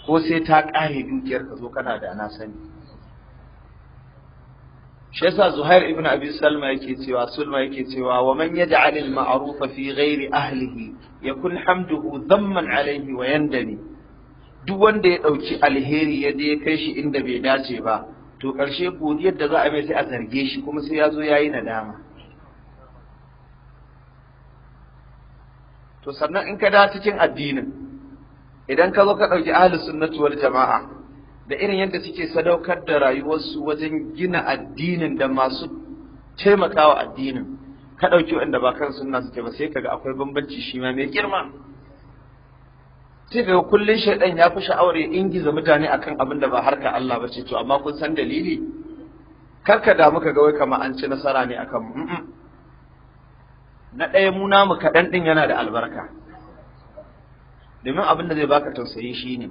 A: ko sai ta ƙare dukiyar ka zo kana da na sani shi yasa Zuhair ibn Abi Salma yake cewa Sulma yake cewa wa man yaj'al al maruf fi ghairi ahlihi yakun hamduhu dhamman alayhi wa yandani duk wanda ya dauki alheri ya je kai shi inda bai dace ba to karshe godiyar da za a mai sai a zarge shi kuma sai ya zo yayi nadama to sannan in ka da cikin addinin idan ka zo ka dauki ahlus sunnati wal jama'a da irin yadda suke sadaukar da rayuwarsu wajen gina addinin da masu taimakawa addinin ka ɗauki waɗanda ba kan sunna suke ba sai kaga akwai bambanci shi ma mai girma sai kaga kullun shaidan ya fi sha'awar ya ingiza mutane akan abin da ba harka Allah ba ce to amma kun san dalili kar ka damu ga wai kamar an ci nasara ne akan mu na ɗaya mu namu kaɗan ɗin yana da albarka domin abin da zai baka tausayi shi ne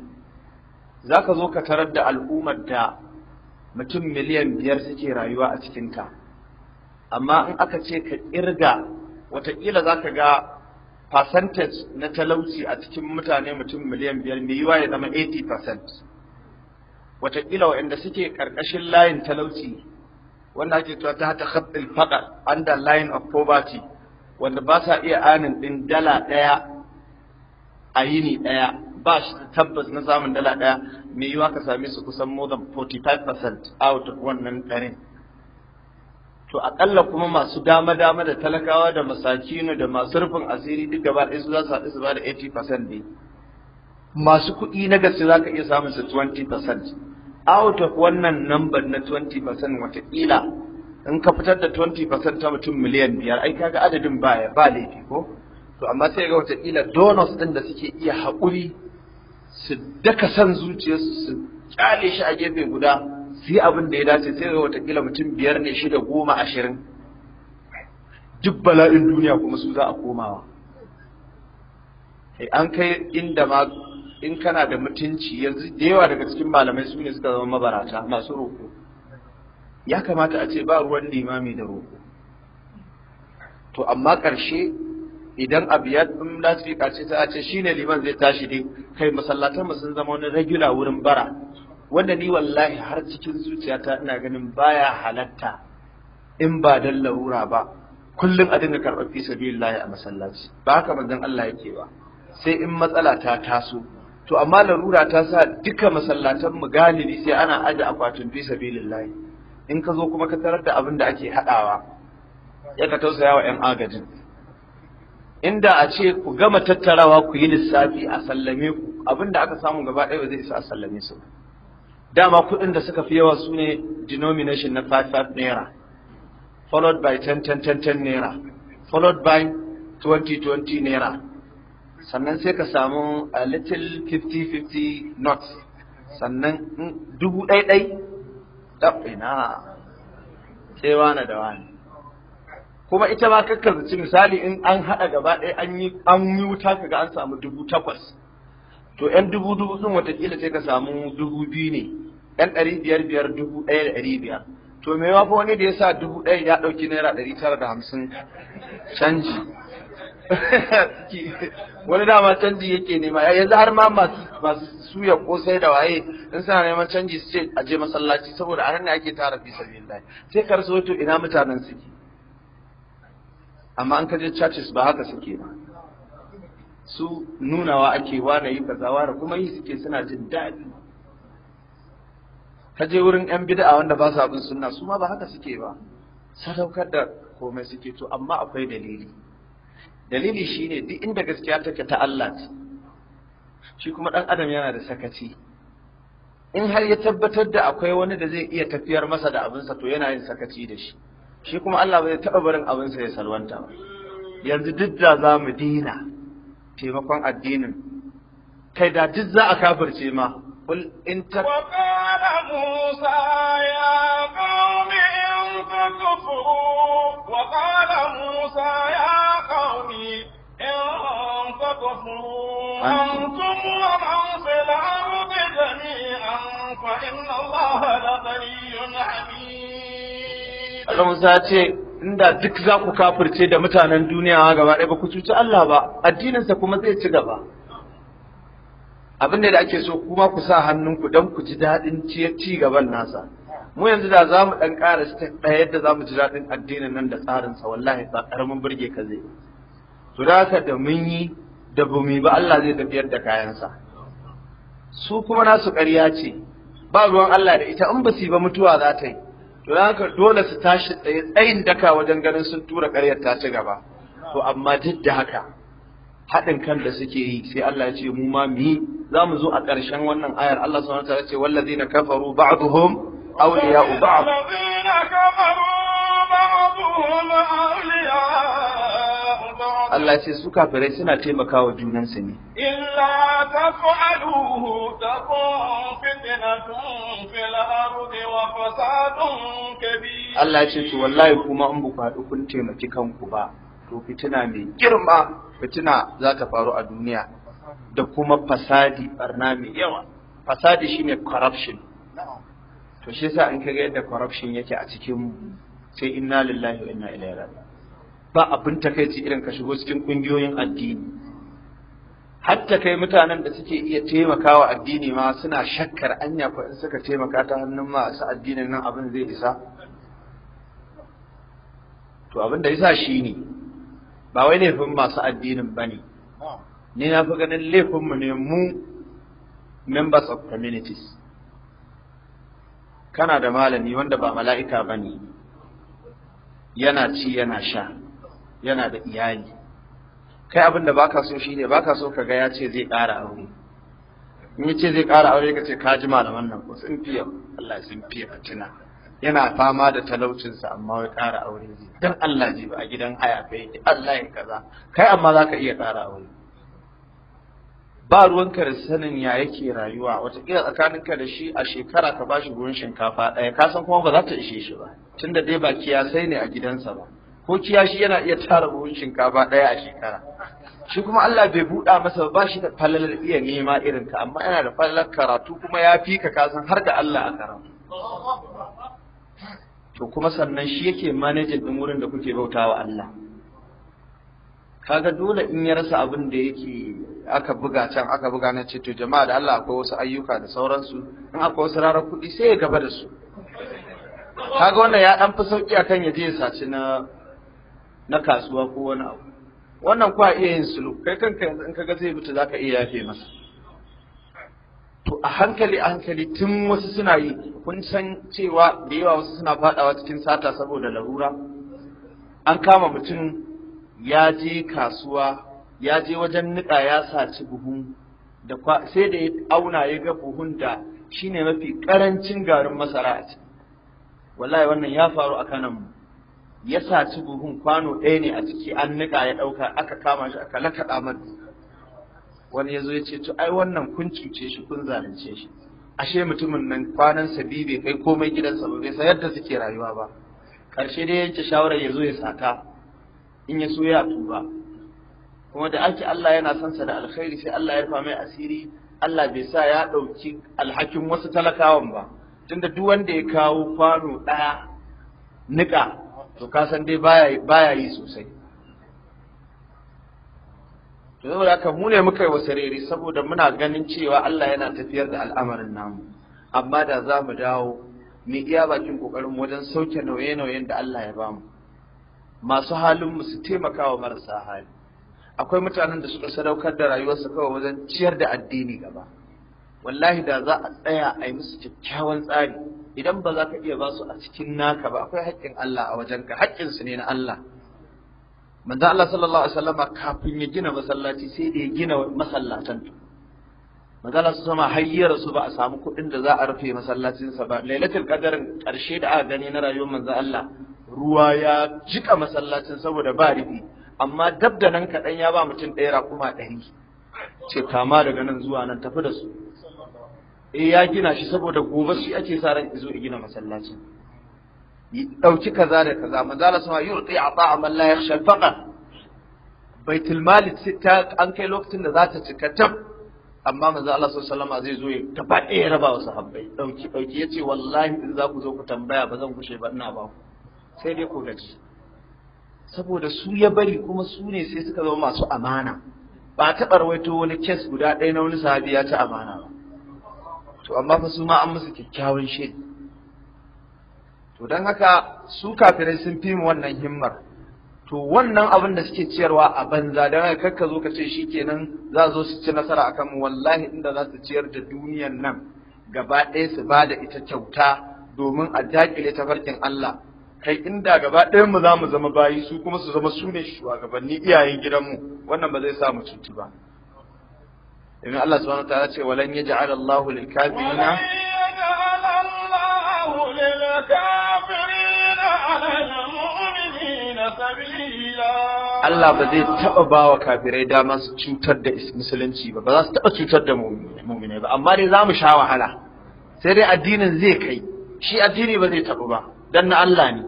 A: za ka zo ka tarar da al'ummar da mutum miliyan biyar suke rayuwa a cikinta amma in aka ce ka ƙirga watakila za ka ga percentage na talauci a cikin mutane mutum miliyan biyar mai yiwa ya zama 80% watakila waɗanda suke ƙarƙashin layin talauci wanda ake cewa ta ta khaddil faɗa under line of poverty wanda ba sa iya anin ɗin dala ɗaya a yini ɗaya ba shi tabbas na samun dala ɗaya mai yiwa ka same su kusan more than 45% out of wannan ɗarin to aƙalla kuma masu dama dama da talakawa da masakinu da masu rufin asiri duk gaba ɗaya su za su haɗu su ba da 80% ne masu kuɗi na gaske za ka iya samun su 20% out of wannan number na 20% watakila in ka fitar da 20% ta mutum miliyan biyar ai kaga adadin baya ba laifi ko to amma sai ga watakila donors ɗin da suke iya haƙuri su daka san zuciyarsu su kyale shi a gefe guda su yi abin da ya dace sai ga watakila mutum biyar ne shida goma ashirin duk bala'in duniya kuma su za a komawa eh, an kai inda ma in kana da mutunci yanzu da yawa daga cikin malamai su ne suka zama mabarata masu roƙo ya kamata a ce ba ruwan limami da roƙo to amma ƙarshe idan abu ya lasfika ce ta ce shine liman zai tashi din, kai masallatan mu sun zama wani regular wurin bara wanda ni wallahi har cikin zuciyata ina ganin baya halatta in ba dan larura ba kullum a dinga karɓar fi sabilillahi a masallaci ba haka manzon Allah yake ba sai in matsala ta taso to amma larura ta sa duka masallatan mu galibi sai ana aje akwatin fi sabilillahi in ka zo kuma ka tarar da abin da ake haɗawa ya ka tausaya wa 'yan agajin inda a ce ku gama tattarawa ku yi lissafi a sallame ku abin da aka samu gaba ɗaya ba zai isa a sallame su dama kuɗin da suka fi yawa su ne denomination na 55 naira followed by 10 10 10 10 naira followed by 20 20 naira sannan sai ka samu a little 50 50 knots sannan dubu ɗai ɗai ɗaɓɓina sai wani da wani kuma ita ma kakka zaci misali in an haɗa gaba ɗaya an yi an yi wuta ga an samu dubu takwas to yan dubu dubu sun watakila sai ka samu dubu biyu ne yan ɗari biyar biyar dubu ɗaya da ɗari biyar to me ma wani da ya sa dubu ɗaya ya ɗauki naira ɗari tara da hamsin canji (laughs) wani dama canji yake nema yanzu har ma masu suya sai da waye in suna neman canji su ce a je masallaci saboda a nan ne ake tara fi sabilillah sai karso to ina mutanen suke amma an kaje churches ba haka suke ba su nunawa ake wane yi kaza kuma yi suke suna jin daɗi kaje wurin yan bid'a wanda ba su abin sunna su ma ba haka suke ba sadaukar da komai suke to amma akwai dalili dalili shine duk inda gaskiya take ta Allah ce shi kuma dan adam yana da sakaci in har ya tabbatar da akwai wani da zai iya tafiyar masa da abinsa to yana yin sakaci da shi shi kuma Allah bai taɓa barin sa ya salwanta ba yanzu duk da za mu dina taimakon addinin kai da duk za a kafirce ma kul in ta
B: musa ya qaumi in takfu wa qala musa ya qaumi in takfu antum wa man fil ardi jami'an fa inna allaha la ghaniyyun
A: Allah Musa ce inda duk za ku kafirce da mutanen duniya gaba ɗaya ba ku cuci Allah ba addininsa kuma zai ci gaba abin da ake so kuma ku sa hannunku don ku ji daɗin ci gaban nasa mu yanzu da za mu ɗan ƙara step ɗaya yadda za mu ji daɗin addinin nan da tsarinsa wallahi ba ƙaramin burge ka zai to da haka da mun yi da bumi ba Allah zai tafiyar da kayansa su kuma nasu ƙarya ce ba ruwan Allah da ita in ba su ba mutuwa za ta yi to ka dole su tashi tsaye tsayin daka wajen ganin sun tura ƙaryar ta ci gaba to amma duk da haka haɗin kan da suke yi sai Allah ya ce mu ma mi za mu zo a ƙarshen wannan ayar Allah subhanahu wataala ya ce wallazina kafaru ba'dhum awliya'u ba'd Allah ya ce su kafirai suna taimakawa junansu ne
B: illa taf'aluhu takun fitnatun Allah ya ce to wallahi
A: kuma in ba ku kun taimaki kanku ba to fitina mai girma fitina za ta faru a duniya da kuma fasadi barna mai yawa fasadi shine corruption to shi yasa in kaga yadda corruption yake a cikin mu sai inna lillahi wa inna ilaihi raji'un ba abin takeici irin ka shigo cikin kungiyoyin addini hatta kai mutanen da suke iya taimakawa addini ma suna shakkar anya ko in suka taimaka ta hannun masu addinin nan abin zai isa to abin da yasa ne, ba wai laifin masu addinin bane ni na fi ganin laifin mu ne mu members of communities kana da malami wanda ba mala'ika bane yana ci yana sha yana da iyali kai abin da baka so shine baka so ka ga ya ce zai ƙara aure in ya ce zai ƙara aure ka ce ka ji malaman nan ko sun fiye Allah sun fiye tuna. yana fama da talaucinsa amma ya ƙara aure zai dan Allah ji ba a gidan haya bai yi Allah ya kaza kai amma za ka iya ƙara aure ba ruwanka da sanin ya yake rayuwa wataƙila tsakaninka da shi a shekara ka bashi ruwan shinkafa ɗaya ka san kuma ba za ta ishe shi ba tunda dai baki ya sai ne a gidansa ba ko shi yana iya tara buhun shinkafa ɗaya a shekara shi kuma Allah bai buɗa masa ba shi da falalar iya nema irin ka amma yana da falalar karatu kuma ya fi ka kasan har da Allah a karatu to kuma sannan shi yake manajin ɗin wurin da kuke bautawa Allah kaga dole in ya rasa abin da yake aka buga can aka buga na ce to jama'a da Allah akwai wasu ayyuka da sauransu in akwai wasu rarar kuɗi sai ya gaba da su kaga wannan ya dan fi sauki akan ya je ya saci na na kasuwa ko wani abu wannan kuwa iya yin sulu kai kanka yanzu in kaga zai mutu zaka iya yafe masa to a hankali a hankali tun wasu suna yi kun san cewa da yawa wasu suna fadawa cikin sata saboda larura an kama mutum ya je kasuwa ya je wajen niƙa ya saci buhun da sai da ya auna ya ga buhun da shine mafi ƙarancin garin masara a ciki wallahi wannan ya faru a kananmu ya saci buhun kwano ɗaya ne a ciki an niƙa ya ɗauka aka kama shi aka lakaɗa mata wani ya zo ya ce to ai wannan kun cuce shi kun zalunce shi ashe mutumin nan kwanan sa biyu bai kai komai gidansa ba bai san yadda suke rayuwa ba karshe dai yanke shawarar ya zo ya saka in ya so ya tuba kuma da ake Allah yana son sa da alkhairi sai Allah ya rufa mai asiri Allah bai sa ya ɗauki alhakin wasu talakawan ba tunda duk wanda ya kawo kwano ɗaya niƙa to ka san dai baya yi sosai to saboda da mu ne muka yi wa saboda muna ganin cewa Allah yana tafiyar da al'amarin namu amma da za mu dawo mu iya bakin kokarin wajen sauke nauye-nauyen da Allah ya bamu masu halin mu su taimaka wa marasa hali akwai mutanen da suka sadaukar da rayuwarsu kawai wajen ciyar da addini gaba wallahi da za a tsaya a yi musu kyakkyawan tsari idan ba za ka iya ba su a cikin naka ba akwai haƙƙin Allah a wajenka haƙƙin su ne na Allah manzo Allah sallallahu alaihi wasallam kafin ya gina masallaci sai da ya gina masallatan manzo Allah sama hayyar su ba a samu kuɗin da za a rufe masallacin sa ba lailatul qadarin ƙarshe da aka gani na rayuwar manzo Allah ruwa ya jika masallacin saboda ba rufi amma dab da nan kaɗan ya ba mutum ɗaya raƙuma ɗari ce kama daga nan zuwa nan tafi da su eh ya gina shi saboda gobe shi ake sa ran izo ya gina masallaci dauki kaza da kaza manzo Allah sama yurti ata man la yakhsha faqa baitul mal ta an kai lokacin da za ta cika tab amma manzo Allah sallallahu alaihi zai zo ya gaba ɗaya raba wa sahabbai dauki dauki yace wallahi in za ku zo ku tambaya ba zan kushe ba ina ba ku sai dai ku gaji saboda su ya bari kuma su ne sai suka zama masu amana ba taɓa rawaito wani kes guda ɗaya na wani sahabi ya ci amana ba to amma fa su ma an musu kyakkyawan shaidu to don haka su kafirai sun fi mu wannan himmar to wannan abin da suke ciyarwa a banza don haka kakka zo ka ce shi kenan za zo su ci nasara a kanmu wallahi inda za su ciyar da duniyan nan gaba ɗaya su ba da ita kyauta domin a daƙile tafarkin Allah kai inda gaba ɗayan mu za mu zama bayi su kuma su zama su ne shugabanni iyayen gidanmu wannan ba zai sa mu cutu ba domin Allah subhanahu wa ta'ala ce walan yaj'al Allahu lil kafirina
B: Allah ba zai taɓa
A: ba wa kafirai dama su cutar da musulunci ba, ba za su taɓa cutar da muminai ba, amma dai za mu sha wahala, sai dai addinin zai kai, shi addini ba zai taɓa ba, don na Allah ne,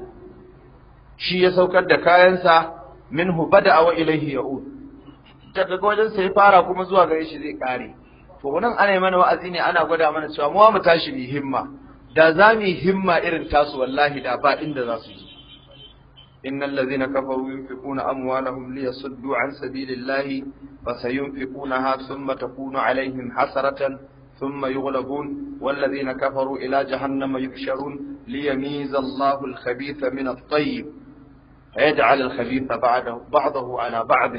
A: shi ya saukar da kayansa minhu bada wa ilaihi ya'ud. daga wajen sai fara kuma zuwa gare shi zai kare to nan ana yi mana wa'azi ne ana gwada mana cewa mu mu tashi mu himma da za mu himma irin tasu wallahi da ba inda za su yi إن الذين كفروا ينفقون أموالهم ليصدوا عن سبيل الله فسينفقونها ثم تكون عليهم حسرة ثم يغلبون والذين كفروا إلى جهنم يحشرون ليميز الله الخبيث من الطيب فيجعل الخبيث بعده, بعضه على بعض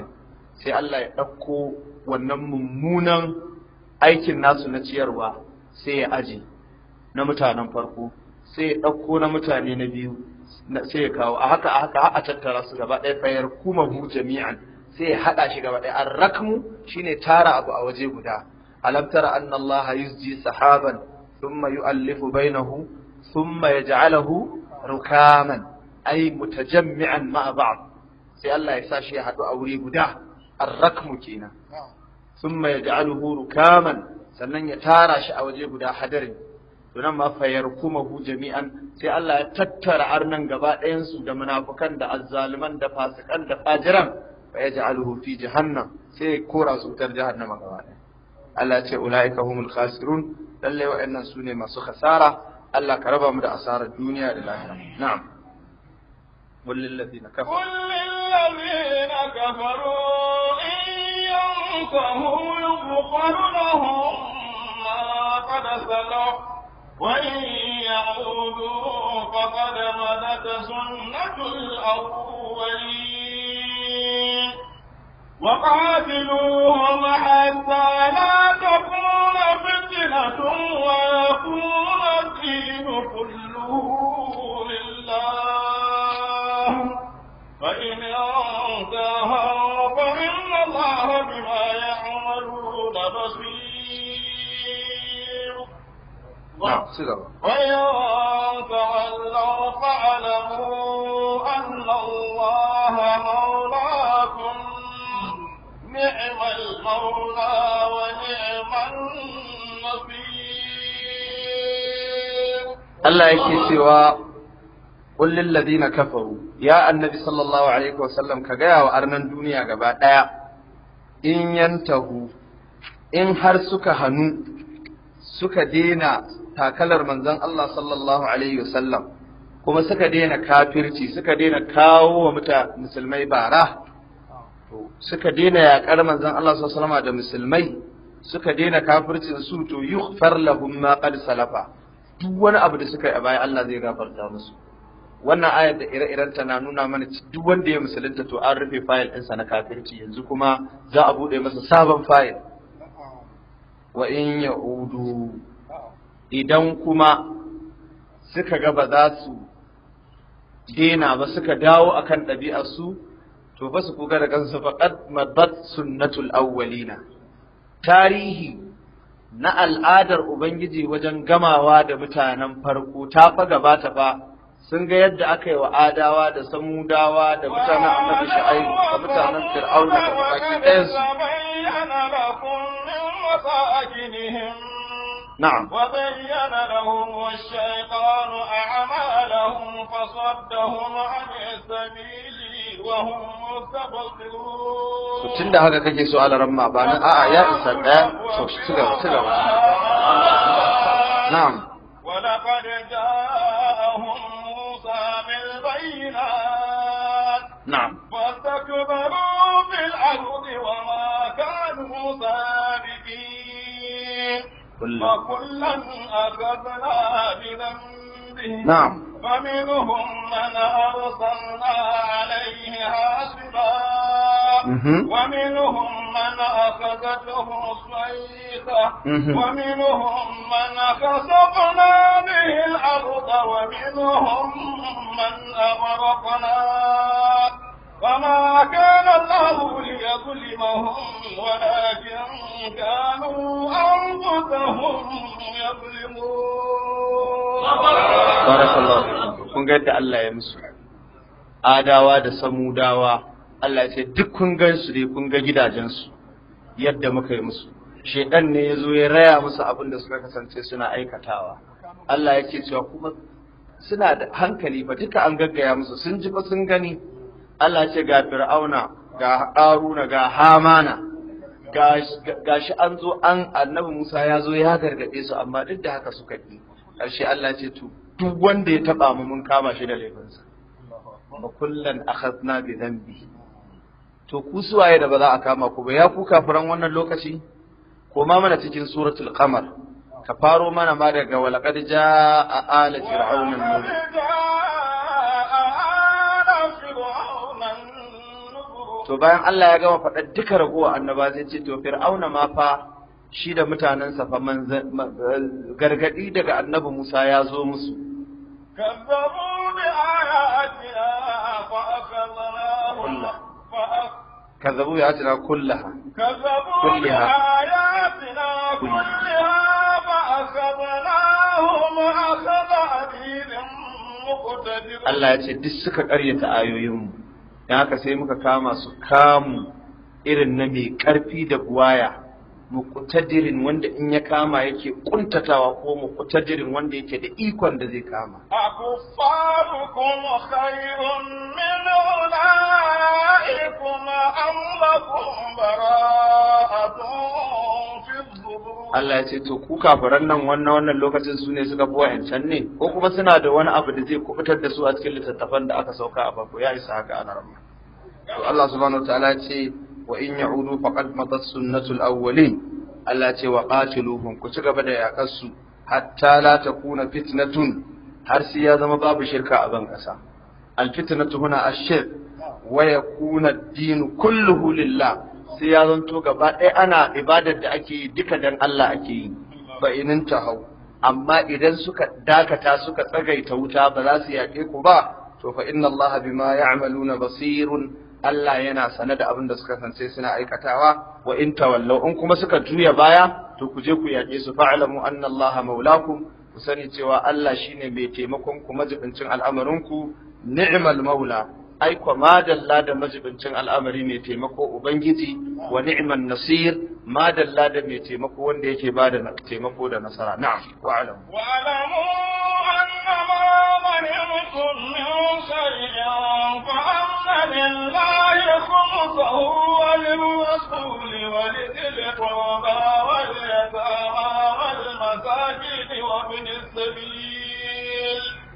A: sai Allah ya ɗauko wannan mummunan aikin nasu na ciyarwa sai ya aje na mutanen farko sai ya ɗauko na mutane na biyu sai ya kawo a haka a haka a tattara su gaba ɗaya fayar kuma mu jami'an sai ya haɗa shi gaba ɗaya arrakmu shine tara abu a waje guda alam tara anna Allah yusji sahaban thumma yu'allifu bainahu thumma yaj'aluhu rukaman ay mutajammi'an ma'a ba'd sai Allah ya sa shi ya haɗu a wuri guda arrakmu kenan thumma huru kaman sannan ya tara shi a waje guda hadarin to nan ma fayarkumahu jami'an sai Allah ya tattara arnan gaba ɗayansu da munafukan da azzaluman da fasikan da fajiran fa yaj'aluhu fi jahannam sai kora su tar jahannama gaba ɗaya Allah ya ce ulaika humul khasirun lalle wa'annan sune masu khasara Allah ka raba mu da asarar duniya da lahira na'am قل للذين كفروا قل
B: للذين كفروا إن ينتهوا يغفر لهم ما قد سلف وإن يعودوا فقد غلت سنة الأولين وقاتلوهم حتى لا تكون فتنة ويكون الدين كله فإن أنتهوا فإن الله بما يعملون بصير وإن تولوا فاعلموا أن الله مولاكم نعم المولى ونعم النصير
A: الله يكفي kullin ladina kafaru ya annabi sallallahu alaihi wasallam ka gaya wa arnan duniya gaba ɗaya in yantahu in har suka hannu suka dena takalar manzon Allah sallallahu alaihi wasallam kuma suka dena kafirci suka dena kawo wa muta musulmai bara suka dena yaƙar manzon Allah sallallahu da musulmai suka daina kafircin su to yughfar lahum ma qad salafa duk wani abu da suka yi a baya Allah zai gafarta musu wannan ayar da ire-irenta na nuna mana duk wanda ya musulunta to an rufe fayil ɗinsa na kafirci yanzu kuma za a buɗe masa sabon fayil wa in ya udu idan kuma suka ga ba za su dena ba suka dawo akan ɗabi'ar su to ba su kuga da kansu faqad madat sunnatul awwalina tarihi na al'adar ubangiji wajen gamawa da mutanen farko ta fa ta fa sun ga yadda aka yi wa adawa da samudawa da mutanen annabi sha'ai da mutanen fir'auna da baki ɗayansu. na'am wa
B: bayyana lahum wash-shaytanu a'malahum fa saddahum 'ala
A: haka kake so alaran ma ba a'a ya isa ɗaya, to shi tuga tuga
B: na'am كلا وكلا أخذنا بذنبه نعم فمنهم من أرسلنا عليه حاسبا ومنهم من أخذته الصيحة ومنهم من خسفنا به الأرض ومنهم من أغرقنا فما كان الله ليظلمهم ولكن كانوا أنفسهم يظلمون
A: بارك الله kun ga yadda Allah ya musu adawa da samudawa Allah ya ce duk kun gan su dai kun ga gidajensu yadda muka yi musu shedan ne ya zo ya raya musu abin da suka kasance suna aikatawa Allah ya ce cewa kuma suna da hankali ba duka an gaggaya musu sun ji ba sun gani Allah ce ga fir'auna ga ƙaruna ga hamana gashi an zo an annabi Musa ya zo ya gargaɗe su amma duk da haka suka ɗi, ƙarshe Allah ce to duk wanda ya taɓa mu mun kama shi da laifinsa ba kullan akhadna bi dhanbi to ku suwaye da ba za a kama ku ba ya ku kafiran wannan lokaci ko ma mana cikin suratul qamar ka faro mana ma daga walaqad jaa ala fir'auna to bayan Allah ya gama faɗa duka raguwa annaba zai ce to fir'auna ma fa shi da mutanensa fa gargadi daga annabi Musa ya zo musu kazzabu ya atina kullaha
B: kullaha Allah ya ce duk
A: suka ƙaryata ayoyinmu don haka sai muka kama su kamu irin na mai ƙarfi da buwaya muqtadirin wanda in ya kama yake ƙuntatawa ko muqtadirin wanda yake da ikon da zai kama Allah ya ce to ku kafiran nan wannan wannan lokacin su ne suka fi wa'ancan ne ko kuma suna da wani abu da zai kubutar da su a cikin littattafan da aka sauka a babu? ya isa haka ana rama to Allah subhanahu wa ta'ala ya ce wa in ya'udu faqad matat sunnatul awwalin Allah ce wa qatiluhum ku ci gaba da yakar su hatta la takuna fitnatun har sai ya zama babu shirka a ban kasa al fitnatu huna ash-shirk wa yakuna ad-din kulluhu sai ya zanto gaba ɗaya ana ibadar da ake yi duka dan Allah ake yi fa inin tahau amma idan suka dakata suka tsagaita wuta ba za su yaƙe ku ba to fa inna Allah bima ya'maluna basirun Allah yana sane da abin da suka san sai suna aikatawa wa in tawallau in kuma suka juya baya to ku je ku yaƙe su fa'lamu anna Allah maulakum ku sani cewa Allah shine mai taimakon ku majibincin al'amarin ku ni'mal maula ai madalla da majibincin al'amari mai taimako ubangiji wa ni'man nasir madalla da mai taimako wanda yake ba da taimako da nasara na'am wa alamu.
B: wa alam annama ghanimtum min shay'in fa anna lillahi khumsahu wa lirrasuli wa lidhil qurba wal yatama wal masakin wa ibn as-sabil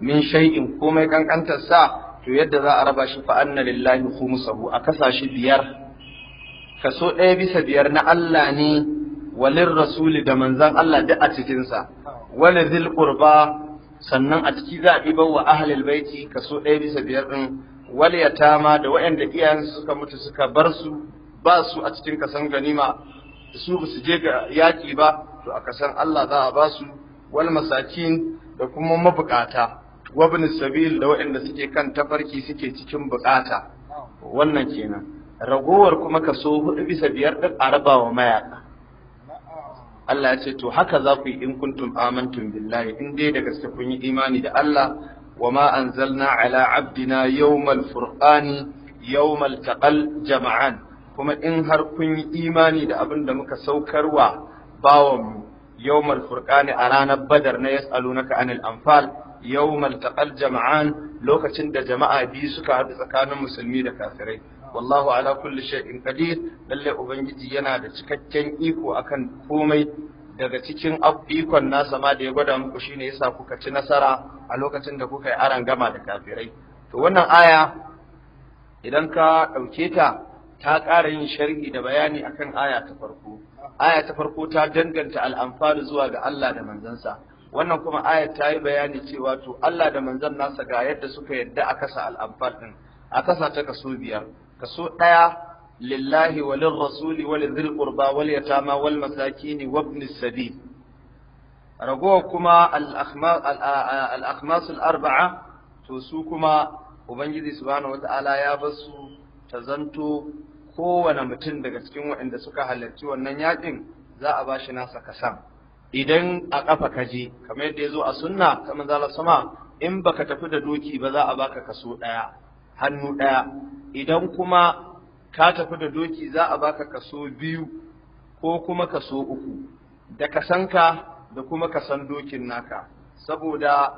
A: min shay'in komai kankantar sa to yadda za a raba shi fa anna lillahi khumsuhu a kasa biyar kaso ɗaya bisa biyar na Allah ne walin rasuli da manzan Allah duk a cikinsa wani zil qurba sannan a ciki za a ɗiba wa ahlil baiti kaso ɗaya bisa biyar ɗin wal yatama da waɗanda iyayensu suka mutu suka bar su ba su a cikin kasan ganima su ba su je ga yaƙi ba to a kasan Allah za a ba su wal masakin da kuma mabukata wa sabil da waɗanda suke kan tafarki suke cikin bukata wannan kenan ragowar kuma kaso hudu bisa biyar ɗin a raba wa mayaka Allah ya ce to haka za ku yi in kuntum amantum billahi in dai da gaske kun yi imani da Allah wa ma anzalna ala abdina yawmal furqani yawmal taqal jama'an kuma in har kun yi imani da abin da muka saukarwa bawanmu yawmal furqani a ranar badar na yas'alunaka anil anfal yawmal taqal jama'an lokacin da jama'a biyu suka haɗu tsakanin musulmi da kafirai wallahu ala kulli shay'in qadir lalle ubangiji yana da cikakken iko akan komai daga cikin ikon nasa ma da ya gwada muku shine yasa kuka ci nasara a lokacin da kuka yi aran gama da kafirai to wannan aya idan ka ɗauke ta ta ƙara yin sharhi da bayani akan aya ta farko aya ta farko ta danganta al'amfani zuwa ga Allah da manzansa wannan kuma ayat ta yi bayani cewa to Allah da manzon nasa ga yadda suka yadda a kasa al'amfal din a kasa ta kaso biyar kaso ɗaya lillahi wa lirrasuli wa lidhil qurba wal yatama wal masakin wa ibn sabil ragowa kuma al akhmas al arba'a to su kuma ubangiji subhanahu ta'ala ya basu ta zanto kowane mutum daga cikin waɗanda suka halarci wannan yakin za a bashi nasa kasan idan a ƙafa ka je kamar yadda ya zo a sunna ta manzala sama in baka tafi da doki ba za a baka kaso ɗaya hannu ɗaya idan kuma ka tafi da doki za a baka kaso biyu ko kuma kaso uku da ka san ka da kuma ka san dokin naka saboda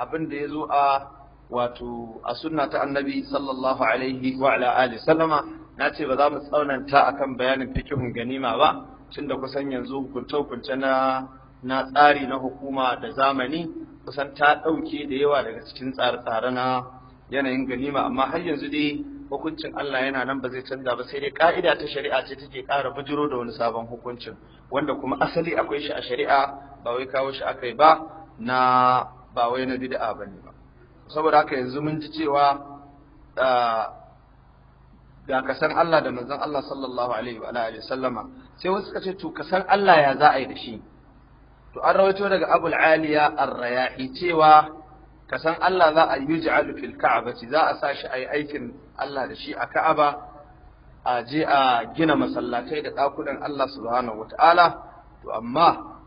A: abin da ya zo a wato a sunna ta annabi sallallahu alaihi wa ala alihi sallama na ce ba za mu tsaunanta akan bayanin fikihun ganima ba tun da kusan yanzu hukunce-hukunce na na tsari na hukuma da zamani kusan ta ɗauke da yawa daga cikin tsare-tsare na yanayin ganima amma har yanzu dai hukuncin Allah yana nan ba zai canza ba sai dai ka'ida ta shari'a ce take ƙara bujiro da wani sabon hukuncin wanda kuma asali akwai shi a shari'a ba wai kawo shi aka yi ba na ba wai na bid'a bane ba saboda haka yanzu mun ji cewa ah, ga ka san Allah da manzon Allah sallallahu alaihi wa alihi sallama sai wasu suka ce to ka san Allah ya za a yi da shi to an rawaito daga Abu Aliya Ar-Rayahi cewa ka san Allah za a yuj'alu fil Ka'bati za a sa shi a yi aikin Allah da shi a Ka'aba a je a gina masallatai da dakudan Allah subhanahu wata'ala to amma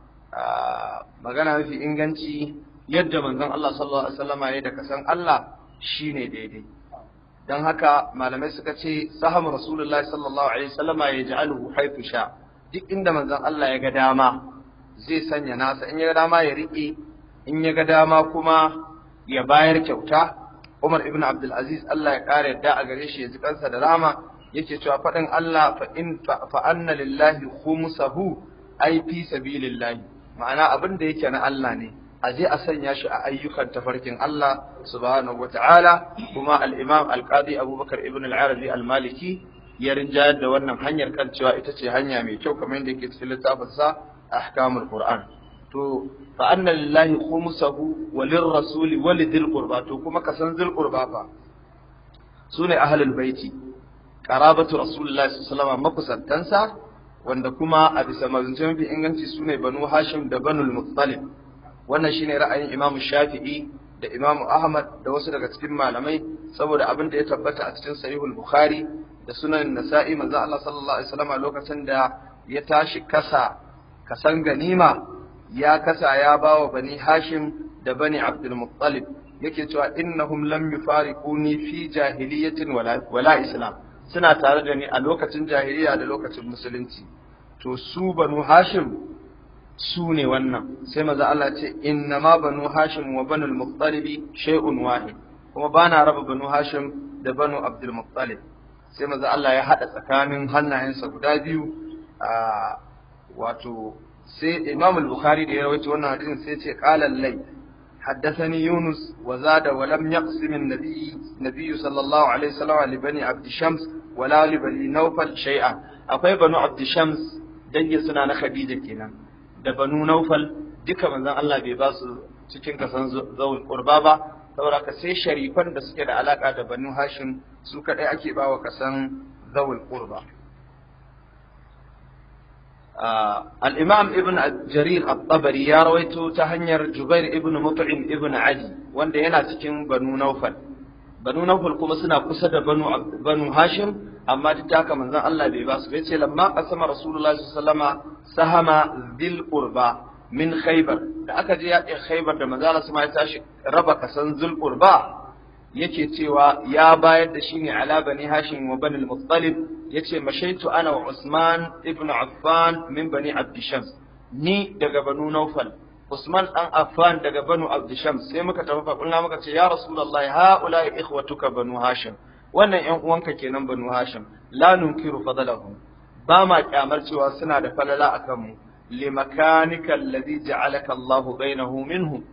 A: magana mafi inganci yadda manzon Allah sallallahu alaihi sallama ya da ka Allah shine daidai don haka malamai suka ce saham rasulullahi sallallahu alaihi wasallama ya ja'aluhu haifu sha duk inda manzon Allah ya ga dama zai sanya nasa in ya ga dama ya riƙe in ya ga dama kuma ya bayar kyauta Umar ibn Abdul Aziz Allah ya ƙara yadda a gare shi ya ji kansa da rama yake cewa faɗin Allah fa in fa anna lillahi khumsahu ai fi sabilillahi ma'ana abin da yake na Allah ne a je a sanya shi a ayyukan tafarkin Allah subhanahu wata'ala kuma al-Imam al-Qadi Abubakar ibn al-Arabi al-Maliki ya rinjayar da wannan hanyar kan cewa ita ce hanya mai kyau kamar yadda yake cikin littafin sa ahkamul Qur'an to fa anna lillahi khumsahu wa lirrasuli wa lidil qurba to kuma ka san zil qurba fa sune ahlul baiti qarabatu rasulullahi sallallahu alaihi wasallam makusantansa wanda kuma a bisa mazuncin mafi inganci sune banu hashim da banul muttalib wannan shine ra'ayin Imam Shafi'i da Imam Ahmad da wasu daga cikin malamai saboda abin da ya tabbata a cikin Sahihul Bukhari da Sunan Nasa'i manzo Allah sallallahu alaihi wasallam lokacin da ya tashi kasa kasan ganima ya kasa ya bawa bani Hashim da bani Abdul Muttalib yake cewa innahum lam yufariquni fi jahiliyatin wala wala islam suna tare da ni a lokacin jahiliya da lokacin musulunci to su banu Hashim su ne wannan sai maza Allah ce inna ma banu hashim wa banu al-muttalibi shay'un wahid kuma bana raba banu hashim da banu abdul muttalib sai maza Allah ya hada tsakanin hannayensa guda biyu a wato sai imam al-bukhari da ya rawaito wannan hadisin sai ce qala al-lay حدثني يونس وزاد ولم يقسم النبي النبي صلى الله عليه وسلم لبني عبد الشمس ولا لبني نوفل شيئا akwai banu abd shams dangi suna na khadija kenan da banu naufal duka manzon Allah bai ba su cikin kasan zawul qurba ba saboda ka sai sharifan da suke da alaka da banu hashim su kadai ake ba wa kasan ah, Ibn Jarir الإمام ابن ya rawaito ta hanyar jubair Ibn مطعم Ibn Ali, wanda yana cikin Banu Naufal. banu nafal kuma suna kusa da banu banu hashim amma duk da haka manzon Allah bai ba su bai ce lamma qasama rasulullahi sallallahu alaihi wasallama sahama dhil qurba min khaybar da aka je ya khaybar da manzon Allah sama ya tashi raba kasan dhil qurba yake cewa ya bayar da shi ne ala bani hashim wa bani al-muttalib yace mashaitu ana wa usman ibn affan min bani abdishams ni daga banu Usman ɗan Affan daga Banu Abdisham sai muka tafafa ƙulla muka ce ya ha haula ikhwatuka Banu Hashim wannan 'yan uwanka kenan Banu Hashim la nunkiru fadalahum ba ma kyamar cewa suna da falala a kanmu. limakanika alladhi ja'alaka Allah bainahu minhum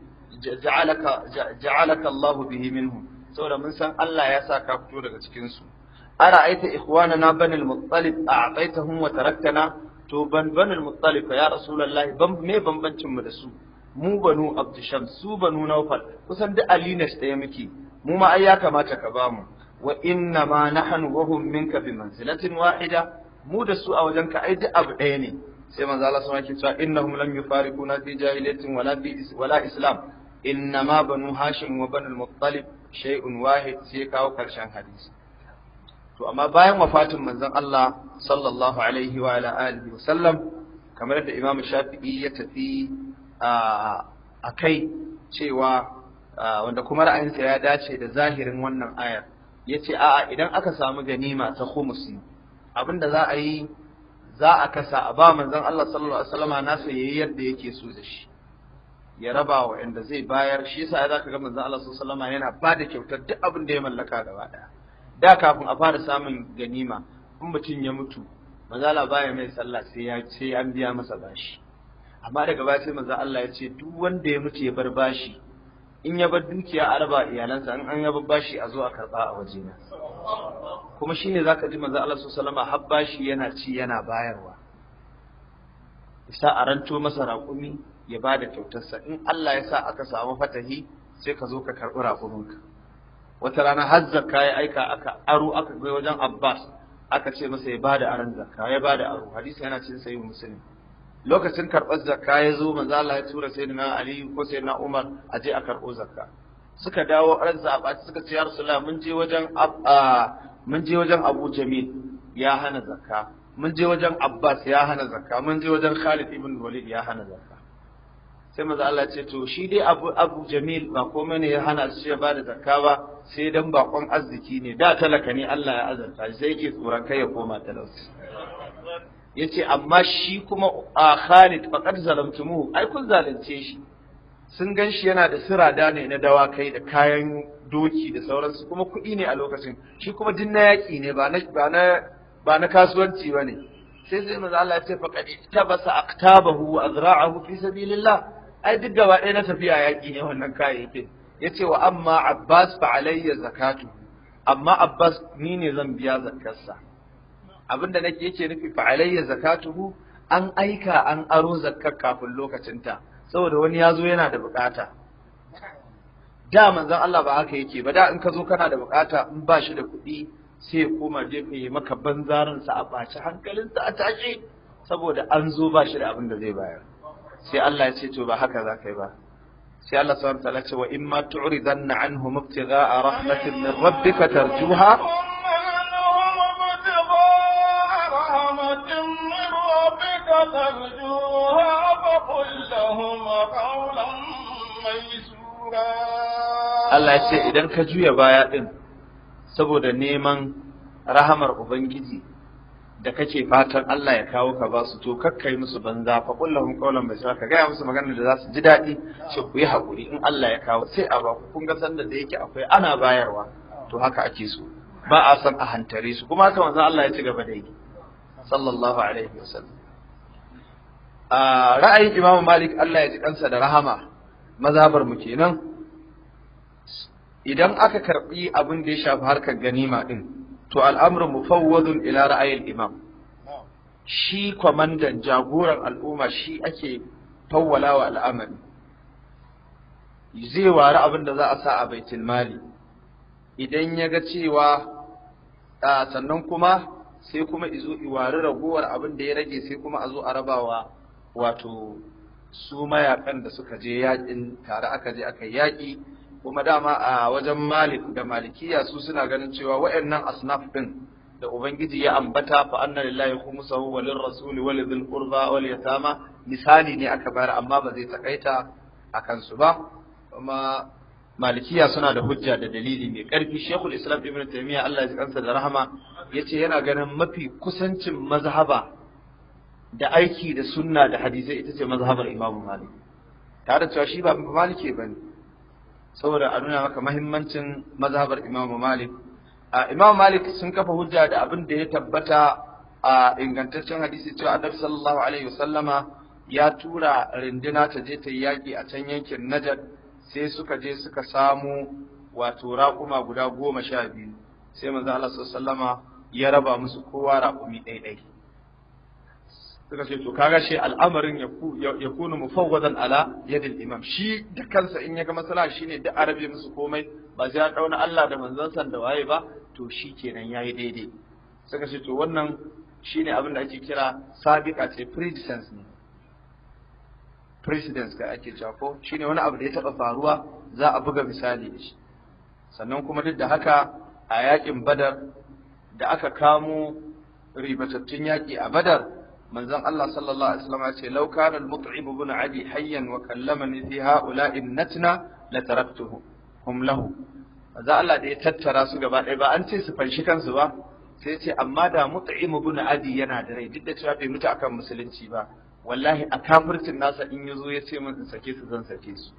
A: ja'alaka ja'alaka bihi minhum saboda mun san Allah ya sa ka fito daga cikin su ara'aita ikhwanana banil muttalib a'taitahum wa taraktana to ban ya rasulullahi ban me bambancin mu da su mu banu abdusham su banu naufal kusan duk alinas ɗaya muke mu ma ai ya kamata ka bamu wa inna ma nahnu wa hum minka bi manzilatin wahida mu da su a wajen ka ai duk abu ɗaya ne sai manzo Allah sama yake cewa innahum lam yufariquna fi jahiliyatin wala fi wala islam inna ma banu hashim wa banu al shay'un wahid sai kawo karshen hadisi to amma bayan wafatin manzon Allah sallallahu alaihi wa ala alihi wa sallam kamar da Imam Shafi'i ya tafi a kai cewa wanda kuma ra'ayinsa ya dace da zahirin wannan ayar yace a'a idan aka samu ganima ta khumusi abinda za a yi za a kasa a ba manzon Allah sallallahu alaihi sallama nasa yayi yadda yake so da shi ya raba wa inda zai bayar shi yasa za ka ga manzon Allah sallallahu alaihi sallama yana ba da kyautar duk abin da ya mallaka gaba daya da kafin a fara samun ganima in mutum ya mutu mazala baya mai sallah sai ya ce an biya masa bashi amma daga baya sai maza Allah ya ce duk wanda ya mutu ya bar bashi in ya bar dukiya a iyalansa in an ya bar bashi a zo a karba a waje na kuma shine zaka ji maza Allah alaihi wasallam bashi yana ci yana bayarwa isa a ranto masa raƙumi ya bada kyautarsa in Allah ya sa aka samu fatahi sai ka zo ka karɓi raƙuminka wata rana har zakka ya aika aka aro aka kai wajen Abbas aka ce masa ya bada aron zakka ya bada aro hadisi yana cikin sahih muslim lokacin karɓar zakka ya zo manzo Allah ya tura sayyidina Ali ko sayyidina Umar a je a karɓo zakka suka dawo ransa a ɓaci suka ce ya Rasulullah mun je wajen mun je wajen Abu Jamil ya hana zakka mun je wajen Abbas ya hana zakka mun je wajen Khalid ibn Walid ya hana zakka sai maza Allah ce to shi dai Abu Jamil ba komai ne ya hana shi ya bada zakka ba sai dan bakon arziki ne da talaka ne Allah ya azanta sai yake tsoron kai ya koma talauci yace amma shi kuma a Khalid kad zalamtumuhu ai kun zalunce shi sun gan shi yana da sirada ne na dawa kai da kayan doki da sauransu kuma kuɗi ne a lokacin shi kuma duk na yaƙi ne ba na ba na ba ne. kasuwanci bane sai sai manzo Allah ya ce kad tabasa
B: aktabahu
A: azra'ahu fi sabilillah ai duk gaba ɗaya na tafiya yaƙi ne wannan kayayyakin yace wa amma abbas fa alayya zakatu amma abbas ni ne zan biya zakarsa abinda nake yake nufi fa alayya zakatuhu an aika an aro zakkar kafin lokacinta saboda wani ya zo yana da bukata da manzon Allah ba haka yake ba da in ka zo kana da bukata in ba shi da kuɗi sai ya koma je ya maka sa a ɓaci hankalinsa a tashi saboda an zo ba shi da abin da zai bayar sai Allah ya ce to ba haka za ka yi ba sai Allah subhanahu ta'ala ce wa imma tu'ridanna anhu mubtigha'a rahmatin min rabbika tarjuha Allah ce idan ka juya baya din saboda neman rahamar Ubangiji da kake fatan Allah ya kawo ka ba su to kakkai musu banza fa kullahum qawlan bai ka gaya musu magana da za su ji daɗi ce ku yi hakuri in Allah ya kawo sai a ba ku kun ga sanda da yake akwai ana bayarwa to haka ake so ba a san a hantare su kuma haka manzo Allah ya ci gaba da yi sallallahu alaihi wasallam a ra'ayin Imam Malik Allah ya ji kansa da rahama mazabar mu kenan idan aka karbi abin da ya shafi harkar ganima din to mu mufawwadun ila ra'ayin imam shi kwamandan jagoran al'umma shi ake fawwala wa al'amari zai wari abin da za a sa a baitul mali idan ya ga cewa sannan kuma sai kuma izo iwari ragowar abin da ya rage sai kuma a zo a rabawa wato su mayakan da suka je yakin tare aka je aka yaƙi kuma dama a wajen malik da malikiya su suna ganin cewa waɗannan asnaf din da ubangiji ya ambata fa anna lillahi khumsahu wa lirrasuli wa lidhil qurba wal yatama misali ne aka bayar amma ba zai takaita akan su ba kuma malikiya suna da hujja da dalili mai karfi shekul islam ibn taymiya Allah ya kansa da rahama yace yana ganin mafi kusancin mazhaba da aiki da sunna da hadisi ita ce mazhabar imamu malik tare da cewa shi ba maliki bane saboda a nuna maka mahimmancin mazhabar Imam Malik Imam Malik sun kafa hujja da abin da ya tabbata a ingantaccen hadisi cewa Annabi sallallahu alaihi wasallama ya tura rinduna ta je ta yaki a can yankin Najd sai suka je suka samu wato raƙuma guda goma sha biyu sai manzo Allah sallallahu alaihi wasallama ya raba musu kowa raƙumi ɗaiɗai suka ce to kaga shi al'amarin ya kunu mufawwadan ala yadin imam shi da kansa in ya ga masala shine duk arabe musu komai ba sai ya dauna Allah da san da waye ba to shi kenan yayi daidai suka ce to wannan shine abin da ake kira sabiqa ce precedence ne precedence ga ake cewa ko shine wani abu da ya taba faruwa za a buga misali da shi sannan kuma duk da haka a yakin badar da aka kamo ribatattun yaki a badar manzon Allah sallallahu alaihi wasallam ya ce law kana al-mut'ib ibn adi hayyan wa kallamani fi ha'ula'i natna la taraktuhu Allah da ya tattara su gaba ɗaya ba an ce su fanshi kansu ba sai ce amma da mut'im ibn adi yana da rai duk da cewa bai mutu akan musulunci ba wallahi a kafircin nasa in ya zo ya ce min in sake su zan sake su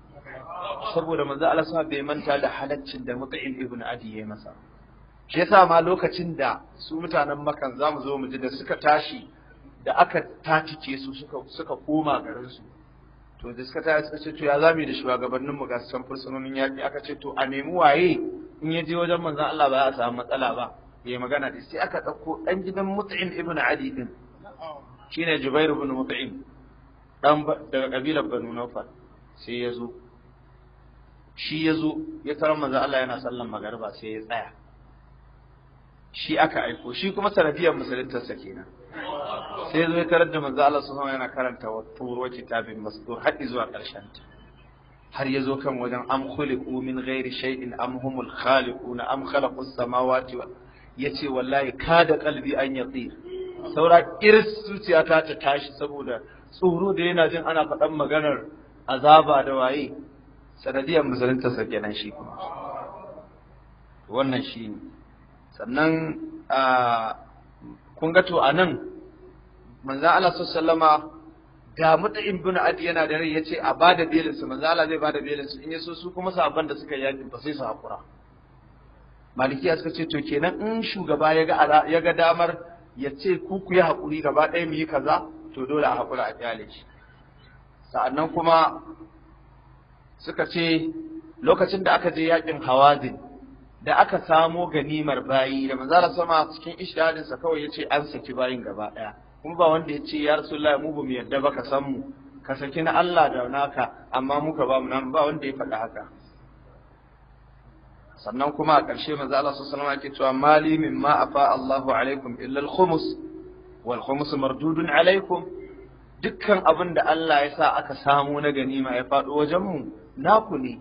A: saboda manzo Allah sa bai manta da halaccin da mut'im ibn adi yayi masa shi yasa ma lokacin da su mutanen makan zamu zo mu ji da suka tashi da aka tatike su suka koma garinsu to da suka taya suka ce to ya zame da shugabannin mu ga san fursunonin yaki, aka ce to a nemi waye in ya je wajen manzon Allah ba za a samu matsala ba ya magana da sai aka dauko dan gidan Mut'im ibn Adi din shine Jubair ibn Mut'im dan daga kabilar Banu Nawfal sai ya zo shi ya zo ya tarar manzon Allah yana sallan magariba sai ya tsaya shi aka aiko shi kuma sanadiyar musuluntarsa kenan sai zo ya da manzo Allah yana karanta wa turo kitabin masdur har zuwa karshen ta har ya zo kan wajen am khuliqu min ghairi shay'in am humul khaliquna am as samawati wal yace wallahi kada kalbi an yatir saura iris zuciya ta ta tashi saboda tsoro da yana jin ana faɗan maganar azaba da waye sanadiyar musulunta sa kenan shi kuma wannan shi ne sannan a ah, kun ga to anan manzo Allah sallama da mutain bin adi yana da rai yace a bada belin su manzo Allah zai bada belin su in yaso su kuma sabon da suka yaki ba sai su hakura malikiya suka ce to kenan in shugaba ya ga ya ga damar ya ce ku ku yi hakuri gaba ɗaya mu yi kaza to dole a hakura a kyale shi sa'annan kuma suka ce lokacin da aka je yakin hawazin da aka samo ganimar bayi da manzara sama cikin ishtihadinsa kawai ya ce an saki bayin gaba ɗaya kuma ba wanda ya ce ya rasulullahi mu bamu yadda ba ka san mu ka saki na Allah da naka amma muka ba mu nan ba wanda ya faɗa haka sannan kuma a ƙarshe manzo Allah sallallahu alaihi yake cewa mali mimma afa Allahu alaikum illa al khums wal khums mardudun alaikum dukkan abin da Allah ya sa aka samu na ganima ya faɗo wajen mu naku ne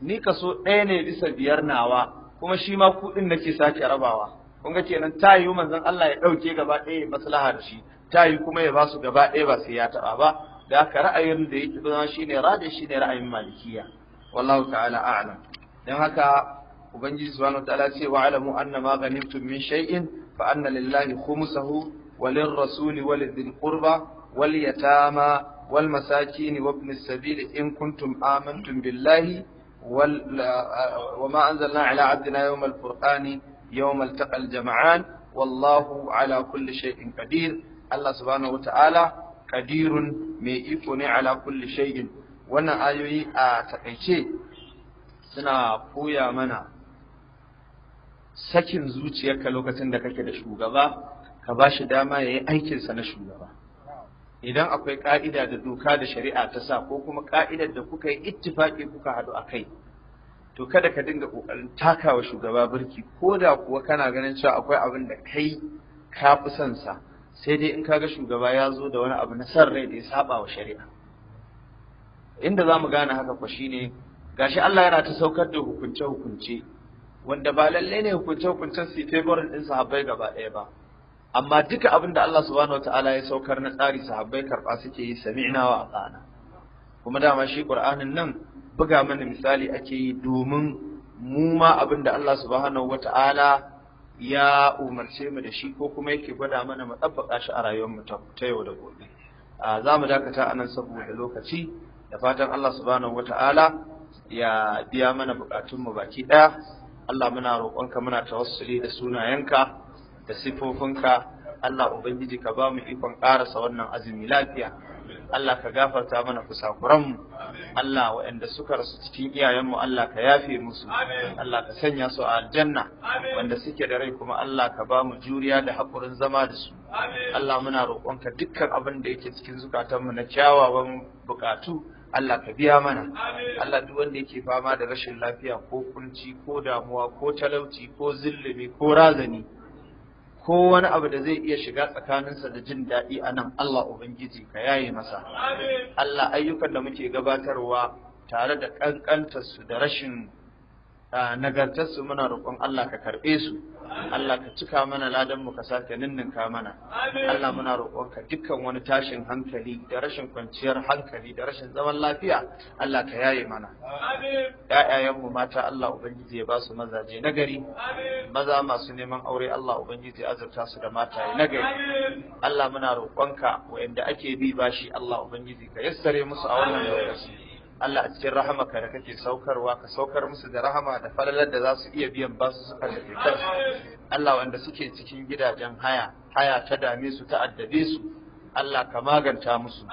A: ni kaso ɗaya ne bisa biyar nawa kuma shi ma kuɗin nake sake rabawa kun ga kenan ta yiwu manzon Allah ya ɗauke gaba ɗaya maslaha da shi ta yi kuma ya basu gaba ɗaya ba sai ya taɓa ba da haka ra'ayin da yake zama shine rada ne ra'ayin malikiya wallahu ta'ala a'lam dan haka ubangiji subhanahu ta'ala ce wa alamu anna ma ghanimtum min shay'in fa anna lillahi khumsahu wa lirrasuli wa lidhil qurba wal yatama wal masakin wa ibn as-sabil in kuntum amantum billahi وما أنزلنا على عبدنا يوم الفرقان يوم التقى الجمعان والله على كل شيء قدير الله سبحانه وتعالى قدير mai iko ne ala kulli shay'in wannan ayoyi a takaice suna koya mana sakin zuciyarka lokacin da kake da shugaba ka ba shi dama ya yi aikinsa na shugaba idan akwai ƙa'ida da doka da shari'a ta sa ko kuma ka'idar da kuka yi ittifaki kuka haɗu a kai to kada ka dinga ƙoƙarin takawa shugaba birki ko da kuwa kana ganin cewa akwai abin da kai ka fi son sa sai dai in kaga shugaba ya zo da wani abu na san rai da ya saba wa shari'a inda za mu gane haka kwa shine gashi Allah yana ta saukar da hukunce-hukunce wanda ba lallai ne hukunce-hukuncen su yi favorin ɗin sahabbai gaba ɗaya ba amma duka abin da Allah subhanahu wataala ya saukar na tsari sahabbai karɓa suke yi sami'na wa ata'ana kuma dama shi qur'anin nan buga mana misali ake yi domin mu ma abin da Allah subhanahu wataala ya umarce mu da shi ko kuma yake gwada mana mu tsabbaka shi a rayuwar mu ta yau da gobe za mu dakata anan saboda lokaci da fatan Allah subhanahu wataala ya biya mana bukatunmu baki daya Allah muna roƙonka muna tawassuli da sunayenka da sifofinka Allah ubangiji ka ba mu ikon ƙarasa wannan azumi lafiya Allah ka gafarta mana kusakuranmu Allah wa'anda suka rasu cikin iyayenmu Allah ka yafe musu Allah ka sanya su a aljanna wanda suke da rai kuma Allah ka ba mu juriya da haƙurin zama da su Allah muna roƙonka dukkan abin da yake cikin zukatanmu na kyawawan buƙatu Allah ka biya mana Allah duk wanda yake fama da rashin lafiya ko kunci ko damuwa ko talauci ko zillimi ko razani ko wani abu da zai iya shiga tsakaninsa da jin daɗi a nan Allah Ubangiji ka yaye masa. Allah ayyukan da muke gabatarwa tare da ƙanƙantarsu da rashin nagartarsu muna roƙon Allah ka karɓe su Allah ka cika mana ladan mu ka sake ninninka mana Allah muna roƙon ka dukkan wani tashin hankali da rashin kwanciyar hankali da rashin zaman lafiya Allah ka yaye mana ƴaƴayen mu mata Allah ubangiji ya ba su mazaje nagari maza masu neman aure Allah ubangiji azurta su da mata nagari Allah muna roƙonka wa'anda ake bi bashi Allah ubangiji ka yassare musu a wannan lokaci Allah a cikin ka da kake saukarwa ka saukar musu da rahama da falalar da za su iya biyan basu suka da fitar Allah wanda suke cikin gidajen haya haya ta dame su ta addabe su Allah ka maganta musu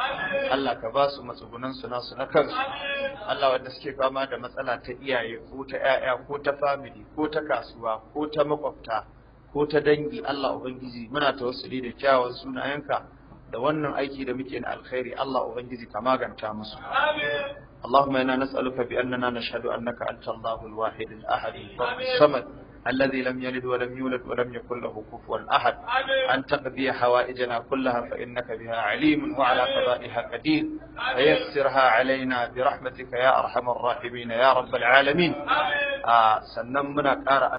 A: Allah ka ba su matsugunan su nasu na kansu Allah wanda suke fama da matsala ta iyaye ko ta 'ya'ya ko ta family ko ta kasuwa ko ta makwabta ko ta dangi Allah ubangiji muna tawassuli da kyawun sunayenka da wannan aiki da muke na alkhairi Allah ubangiji ka maganta musu اللهم إنا نسألك بأننا نشهد أنك أنت الله الواحد الأحد الصمد الذي لم يلد ولم يولد ولم يكن له كفوا أحد أن تقضي حوائجنا كلها فإنك بها عليم وعلى قضائها قدير فيسرها علينا برحمتك يا أرحم الراحمين يا رب العالمين آه سنمنا